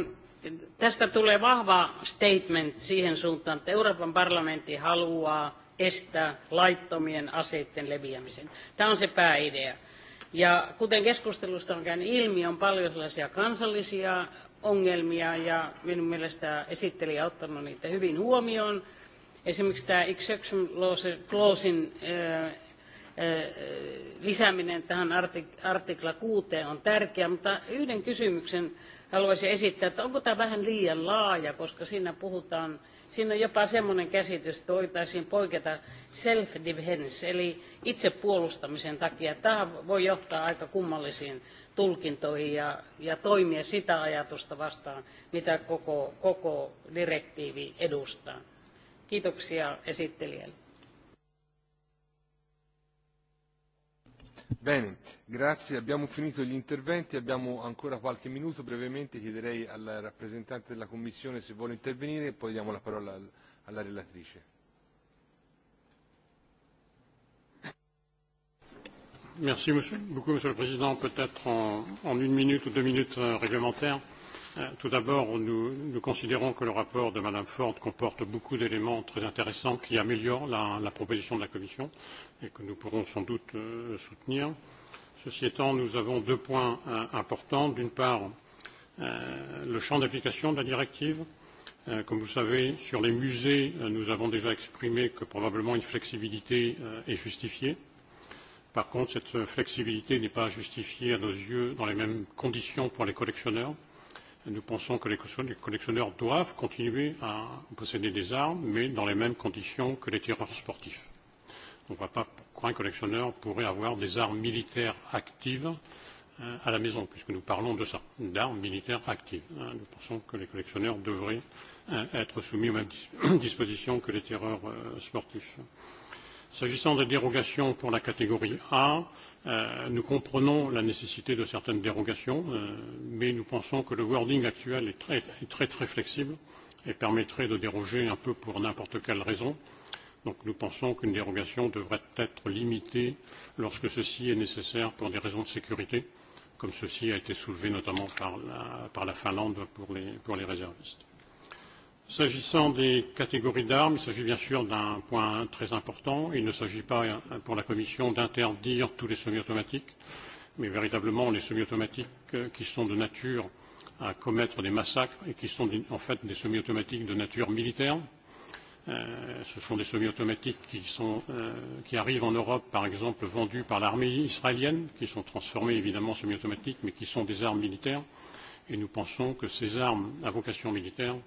Tästä tulee vahva statement siihen suuntaan, että Euroopan parlamentti haluaa estää laittomien aseiden leviämisen. Tämä on se pääidea. Ja kuten keskustelusta on käynyt ilmi, on paljon sellaisia kansallisia ongelmia ja minun mielestä esittelijä on ottanut niitä hyvin huomioon. Esimerkiksi tämä exception clausein Äh, äh, lisääminen tähän artikla 6 on tärkeää, mutta yhden kysymyksen haluaisin esittää, että onko tämä vähän liian laaja, koska siinä puhutaan, siinä on jopa semmoinen käsitys, että voitaisiin poiketa self-defense, eli itsepuolustamisen takia. Tämä voi johtaa aika kummallisiin tulkintoihin ja, ja toimia sitä ajatusta vastaan, mitä koko, koko direktiivi edustaa. Kiitoksia esittelijälle. Bene, grazie. Abbiamo finito gli interventi, abbiamo ancora qualche minuto. Brevemente chiederei al rappresentante della Commissione se vuole intervenire e poi diamo la parola al, alla relatrice. Merci beaucoup, Monsieur le Président. Peut-être en, en une minute ou deux minutes euh, réglementaires. Euh, Euh, tout d'abord, nous, nous considérons que le rapport de Madame Ford comporte beaucoup d'éléments très intéressants qui améliorent la, la proposition de la Commission et que nous pourrons sans doute euh, soutenir. Ceci étant, nous avons deux points euh, importants. D'une part, euh, le champ d'application de la directive. Euh, comme vous savez, sur les musées, euh, nous avons déjà exprimé que probablement une flexibilité euh, est justifiée. Par contre, cette flexibilité n'est pas justifiée à nos yeux dans les mêmes conditions pour les collectionneurs. Euh, Nous pensons que les collectionneurs doivent continuer à posséder des armes, mais dans les mêmes conditions que les tireurs sportifs. On ne voit pas pourquoi un collectionneur pourrait avoir des armes militaires actives euh, à la maison, puisque nous parlons de ça, d'armes militaires actives. Hein. Euh, nous pensons que les collectionneurs devraient euh, être soumis aux mêmes dis dispositions que les tireurs euh, sportifs. Euh, S'agissant des dérogations pour la catégorie A, euh, nous comprenons la nécessité de certaines dérogations, euh, mais nous pensons que le wording actuel est très est très, très flexible et permettrait de déroger un peu pour n'importe quelle raison. Donc nous pensons qu'une dérogation devrait être limitée lorsque ceci est nécessaire pour des raisons de sécurité, comme ceci a été soulevé notamment par la, par la Finlande pour les, pour les réservistes. S'agissant des catégories d'armes, il s'agit bien sûr d'un point très important. Il ne s'agit pas pour la Commission d'interdire tous les semi-automatiques, mais véritablement les semi-automatiques euh, qui sont de nature à commettre des massacres et qui sont en fait des semi-automatiques de nature militaire. Euh, ce sont des semi-automatiques qui, sont, euh, qui arrivent en Europe, par exemple, vendus par l'armée israélienne, qui sont transformés évidemment en semi-automatiques, mais qui sont des armes militaires. Et nous pensons que ces armes à vocation militaire euh,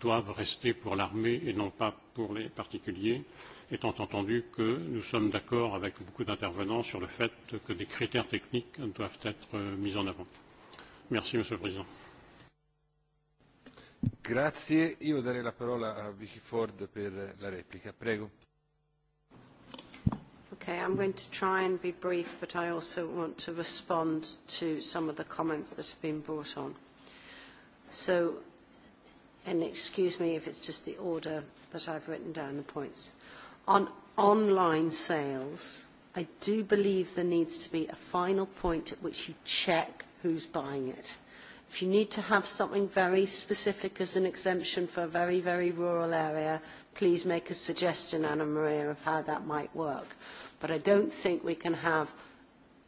doivent rester pour l'armée et non pas pour les particuliers, étant entendu que nous sommes d'accord avec beaucoup d'intervenants sur le fait que des critères techniques doivent être euh, mis en avant. Merci, Monsieur le Président. Grazie. Io darei la parola a Vicky Ford per la replica. Prego. Okay, I'm going to try and be brief, but I also want to respond to some of the comments that have been brought on. So and excuse me if it's just the order that I've written down the points. On online sales, I do believe there needs to be a final point at which you check who's buying it. If you need to have something very specific as an exemption for a very, very rural area, please make a suggestion, Anna Maria, of how that might work. But I don't think we can have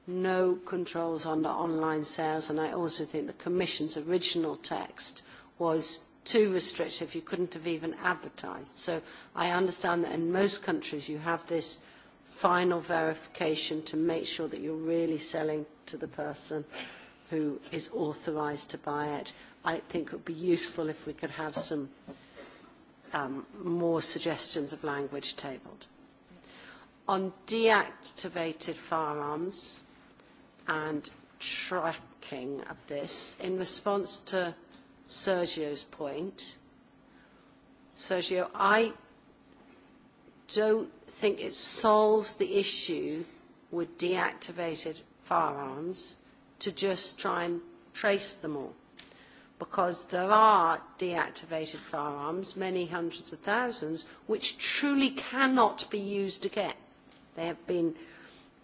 no controls on the online sales, and I also think the Commission's original text was too restrictive. You couldn't have even advertised. So I understand that in most countries you have this final verification to make sure that you're really selling to the person who is authorised to buy it. I think it would be useful if we could have some um, more suggestions of language tabled. On deactivated firearms and tracking of this, in response to Sergio's point. Sergio, I don't think it solves the issue with deactivated firearms to just try and trace them all. Because there are deactivated firearms, many hundreds of thousands, which truly cannot be used again. They have been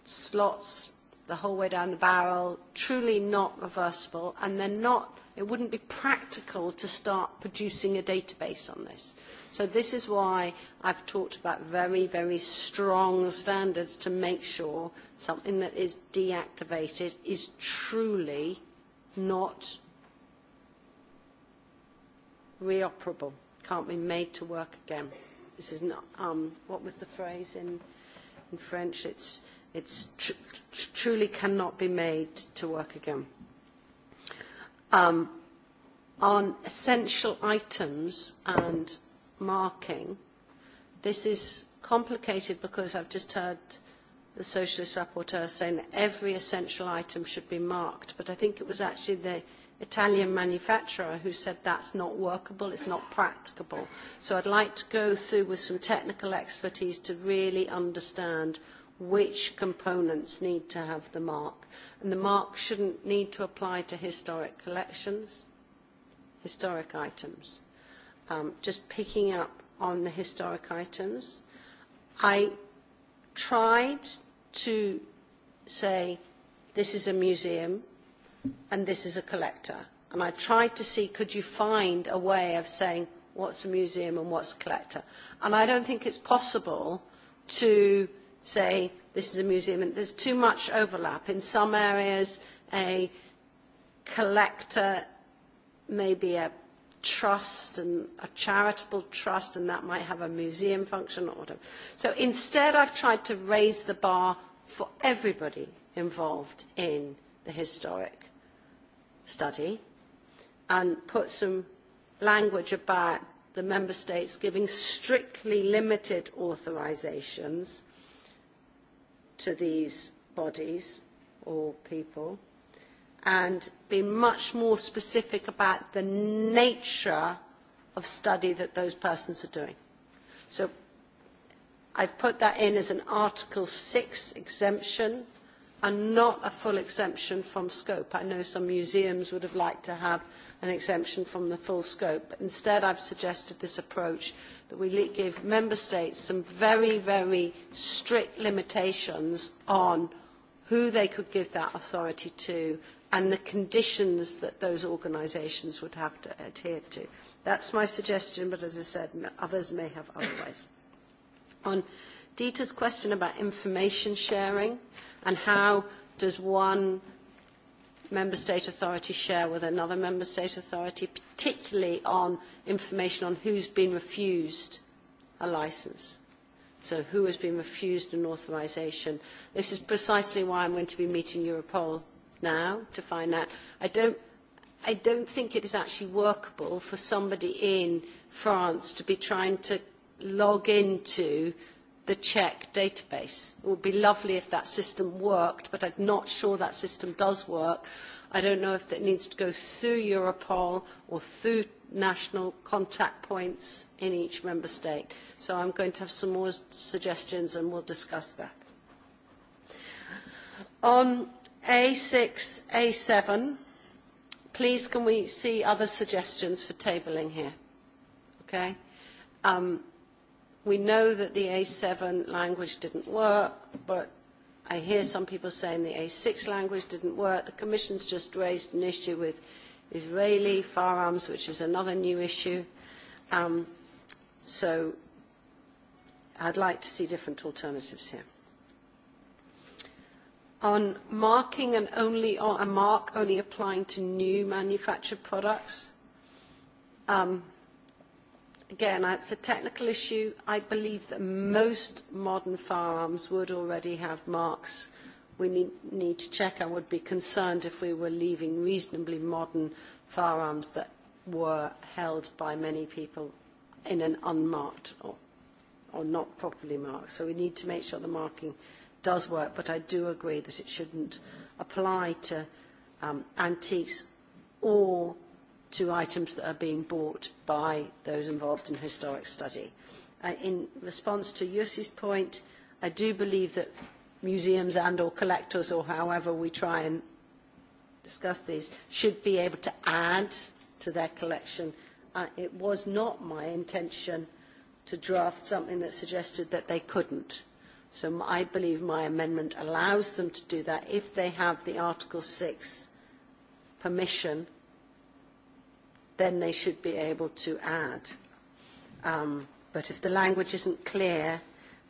slots the whole way down the barrel, truly not reversible, and they're not It wouldn't be practical to start producing a database on this. So this is why I've talked about very, very strong standards to make sure something that is deactivated is truly not reoperable, can't be made to work again. This is not, um, what was the phrase in, in French? It's, it's tr tr truly cannot be made to work again um, on essential items and marking. This is complicated because I've just heard the socialist rapporteur saying that every essential item should be marked, but I think it was actually the Italian manufacturer who said that's not workable, it's not practicable. So I'd like to go through with some technical expertise to really understand which components need to have the mark. And the mark shouldn't need to apply to historic collections, historic items. Um, just picking up on the historic items. I tried to say this is a museum and this is a collector. And I tried to see could you find a way of saying what's a museum and what's a collector. And I don't think it's possible to uh, say this is a museum. And there's too much overlap. In some areas, a collector may be a trust and a charitable trust, and that might have a museum function or whatever. So instead, I've tried to raise the bar for everybody involved in the historic study and put some language about the member states giving strictly limited authorizations to these bodies or people and be much more specific about the nature of study that those persons are doing. So I've put that in as an Article 6 exemption and not a full exemption from scope. I know some museums would have liked to have an exemption from the full scope. Instead, I've suggested this approach that we give member states some very, very strict limitations on who they could give that authority to and the conditions that those organisations would have to adhere to. That's my suggestion, but as I said, others may have otherwise. on Dieter's question about information sharing and how does one member state authorities share with another member state authority, particularly on information on who's been refused a license. So who has been refused an authorization. This is precisely why I'm going to be meeting Europol now to find out. I don't, I don't think it is actually workable for somebody in France to be trying to log into the Czech database. It would be lovely if that system worked, but I'm not sure that system does work. I don't know if it needs to go through Europol or through national contact points in each member state. So I'm going to have some more suggestions and we'll discuss that. On A6, A7, please can we see other suggestions for tabling here? Okay. Um, We know that the A7 language didn't work, but I hear some people saying the A6 language didn't work. The Commission's just raised an issue with Israeli firearms, which is another new issue. Um, so I'd like to see different alternatives here. On marking and only on a mark only applying to new manufactured products, um, again, it's a technical issue. I believe that most modern firearms would already have marks. We need, need to check. I would be concerned if we were leaving reasonably modern firearms that were held by many people in an unmarked or, or not properly marked. So we need to make sure the marking does work, but I do agree that it shouldn't apply to um, antiques or to items that are being bought by those involved in historic study. Uh, in response to Yussi's point, I do believe that museums and or collectors or however we try and discuss these should be able to add to their collection. Uh, it was not my intention to draft something that suggested that they couldn't. So I believe my amendment allows them to do that if they have the Article 6 permission then they should be able to add. Um, but if the language isn't clear,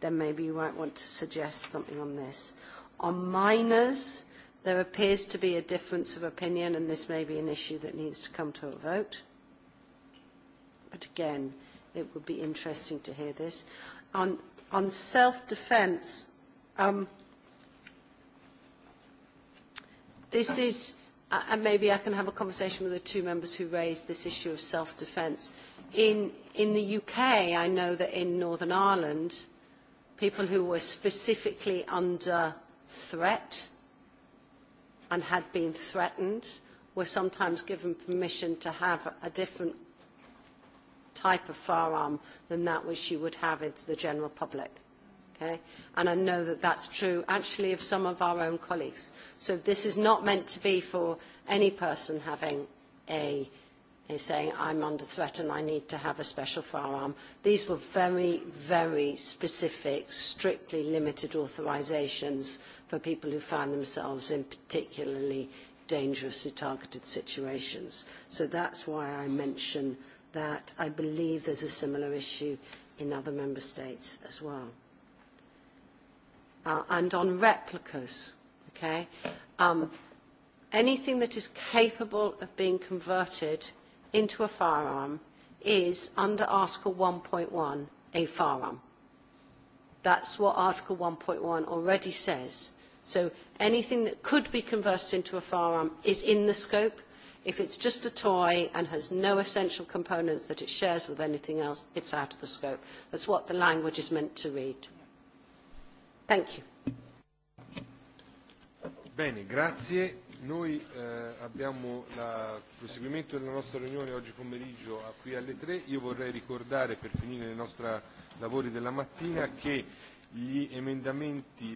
then maybe you might want to suggest something on this. On minors, there appears to be a difference of opinion, and this may be an issue that needs to come to a vote. But again, it would be interesting to hear this. On, on self-defense, um, this is uh, and maybe I can have a conversation with the two members who raised this issue of self-defence. In, in the UK, I know that in Northern Ireland, people who were specifically under threat and had been threatened were sometimes given permission to have a different type of firearm than that which you would have in the general public. Okay? And I know that that's true actually of some of our own colleagues. So this is not meant to be for any person having a, a saying, I'm under threat and I need to have a special firearm. These were very, very specific, strictly limited authorizations for people who found themselves in particularly dangerously targeted situations. So that's why I mention that. I believe there's a similar issue in other member states as well uh, and on replicas. Okay? Um, anything that is capable of being converted into a firearm is, under Article 1.1, a firearm. That's what Article 1.1 already says. So anything that could be converted into a firearm is in the scope. If it's just a toy and has no essential components that it shares with anything else, it's out of the scope. That's what the language is meant to read. Thank you. Bene, grazie. Noi eh, abbiamo il proseguimento della nostra riunione oggi pomeriggio a qui alle 3. Io vorrei ricordare, per finire i nostri lavori della mattina, che gli emendamenti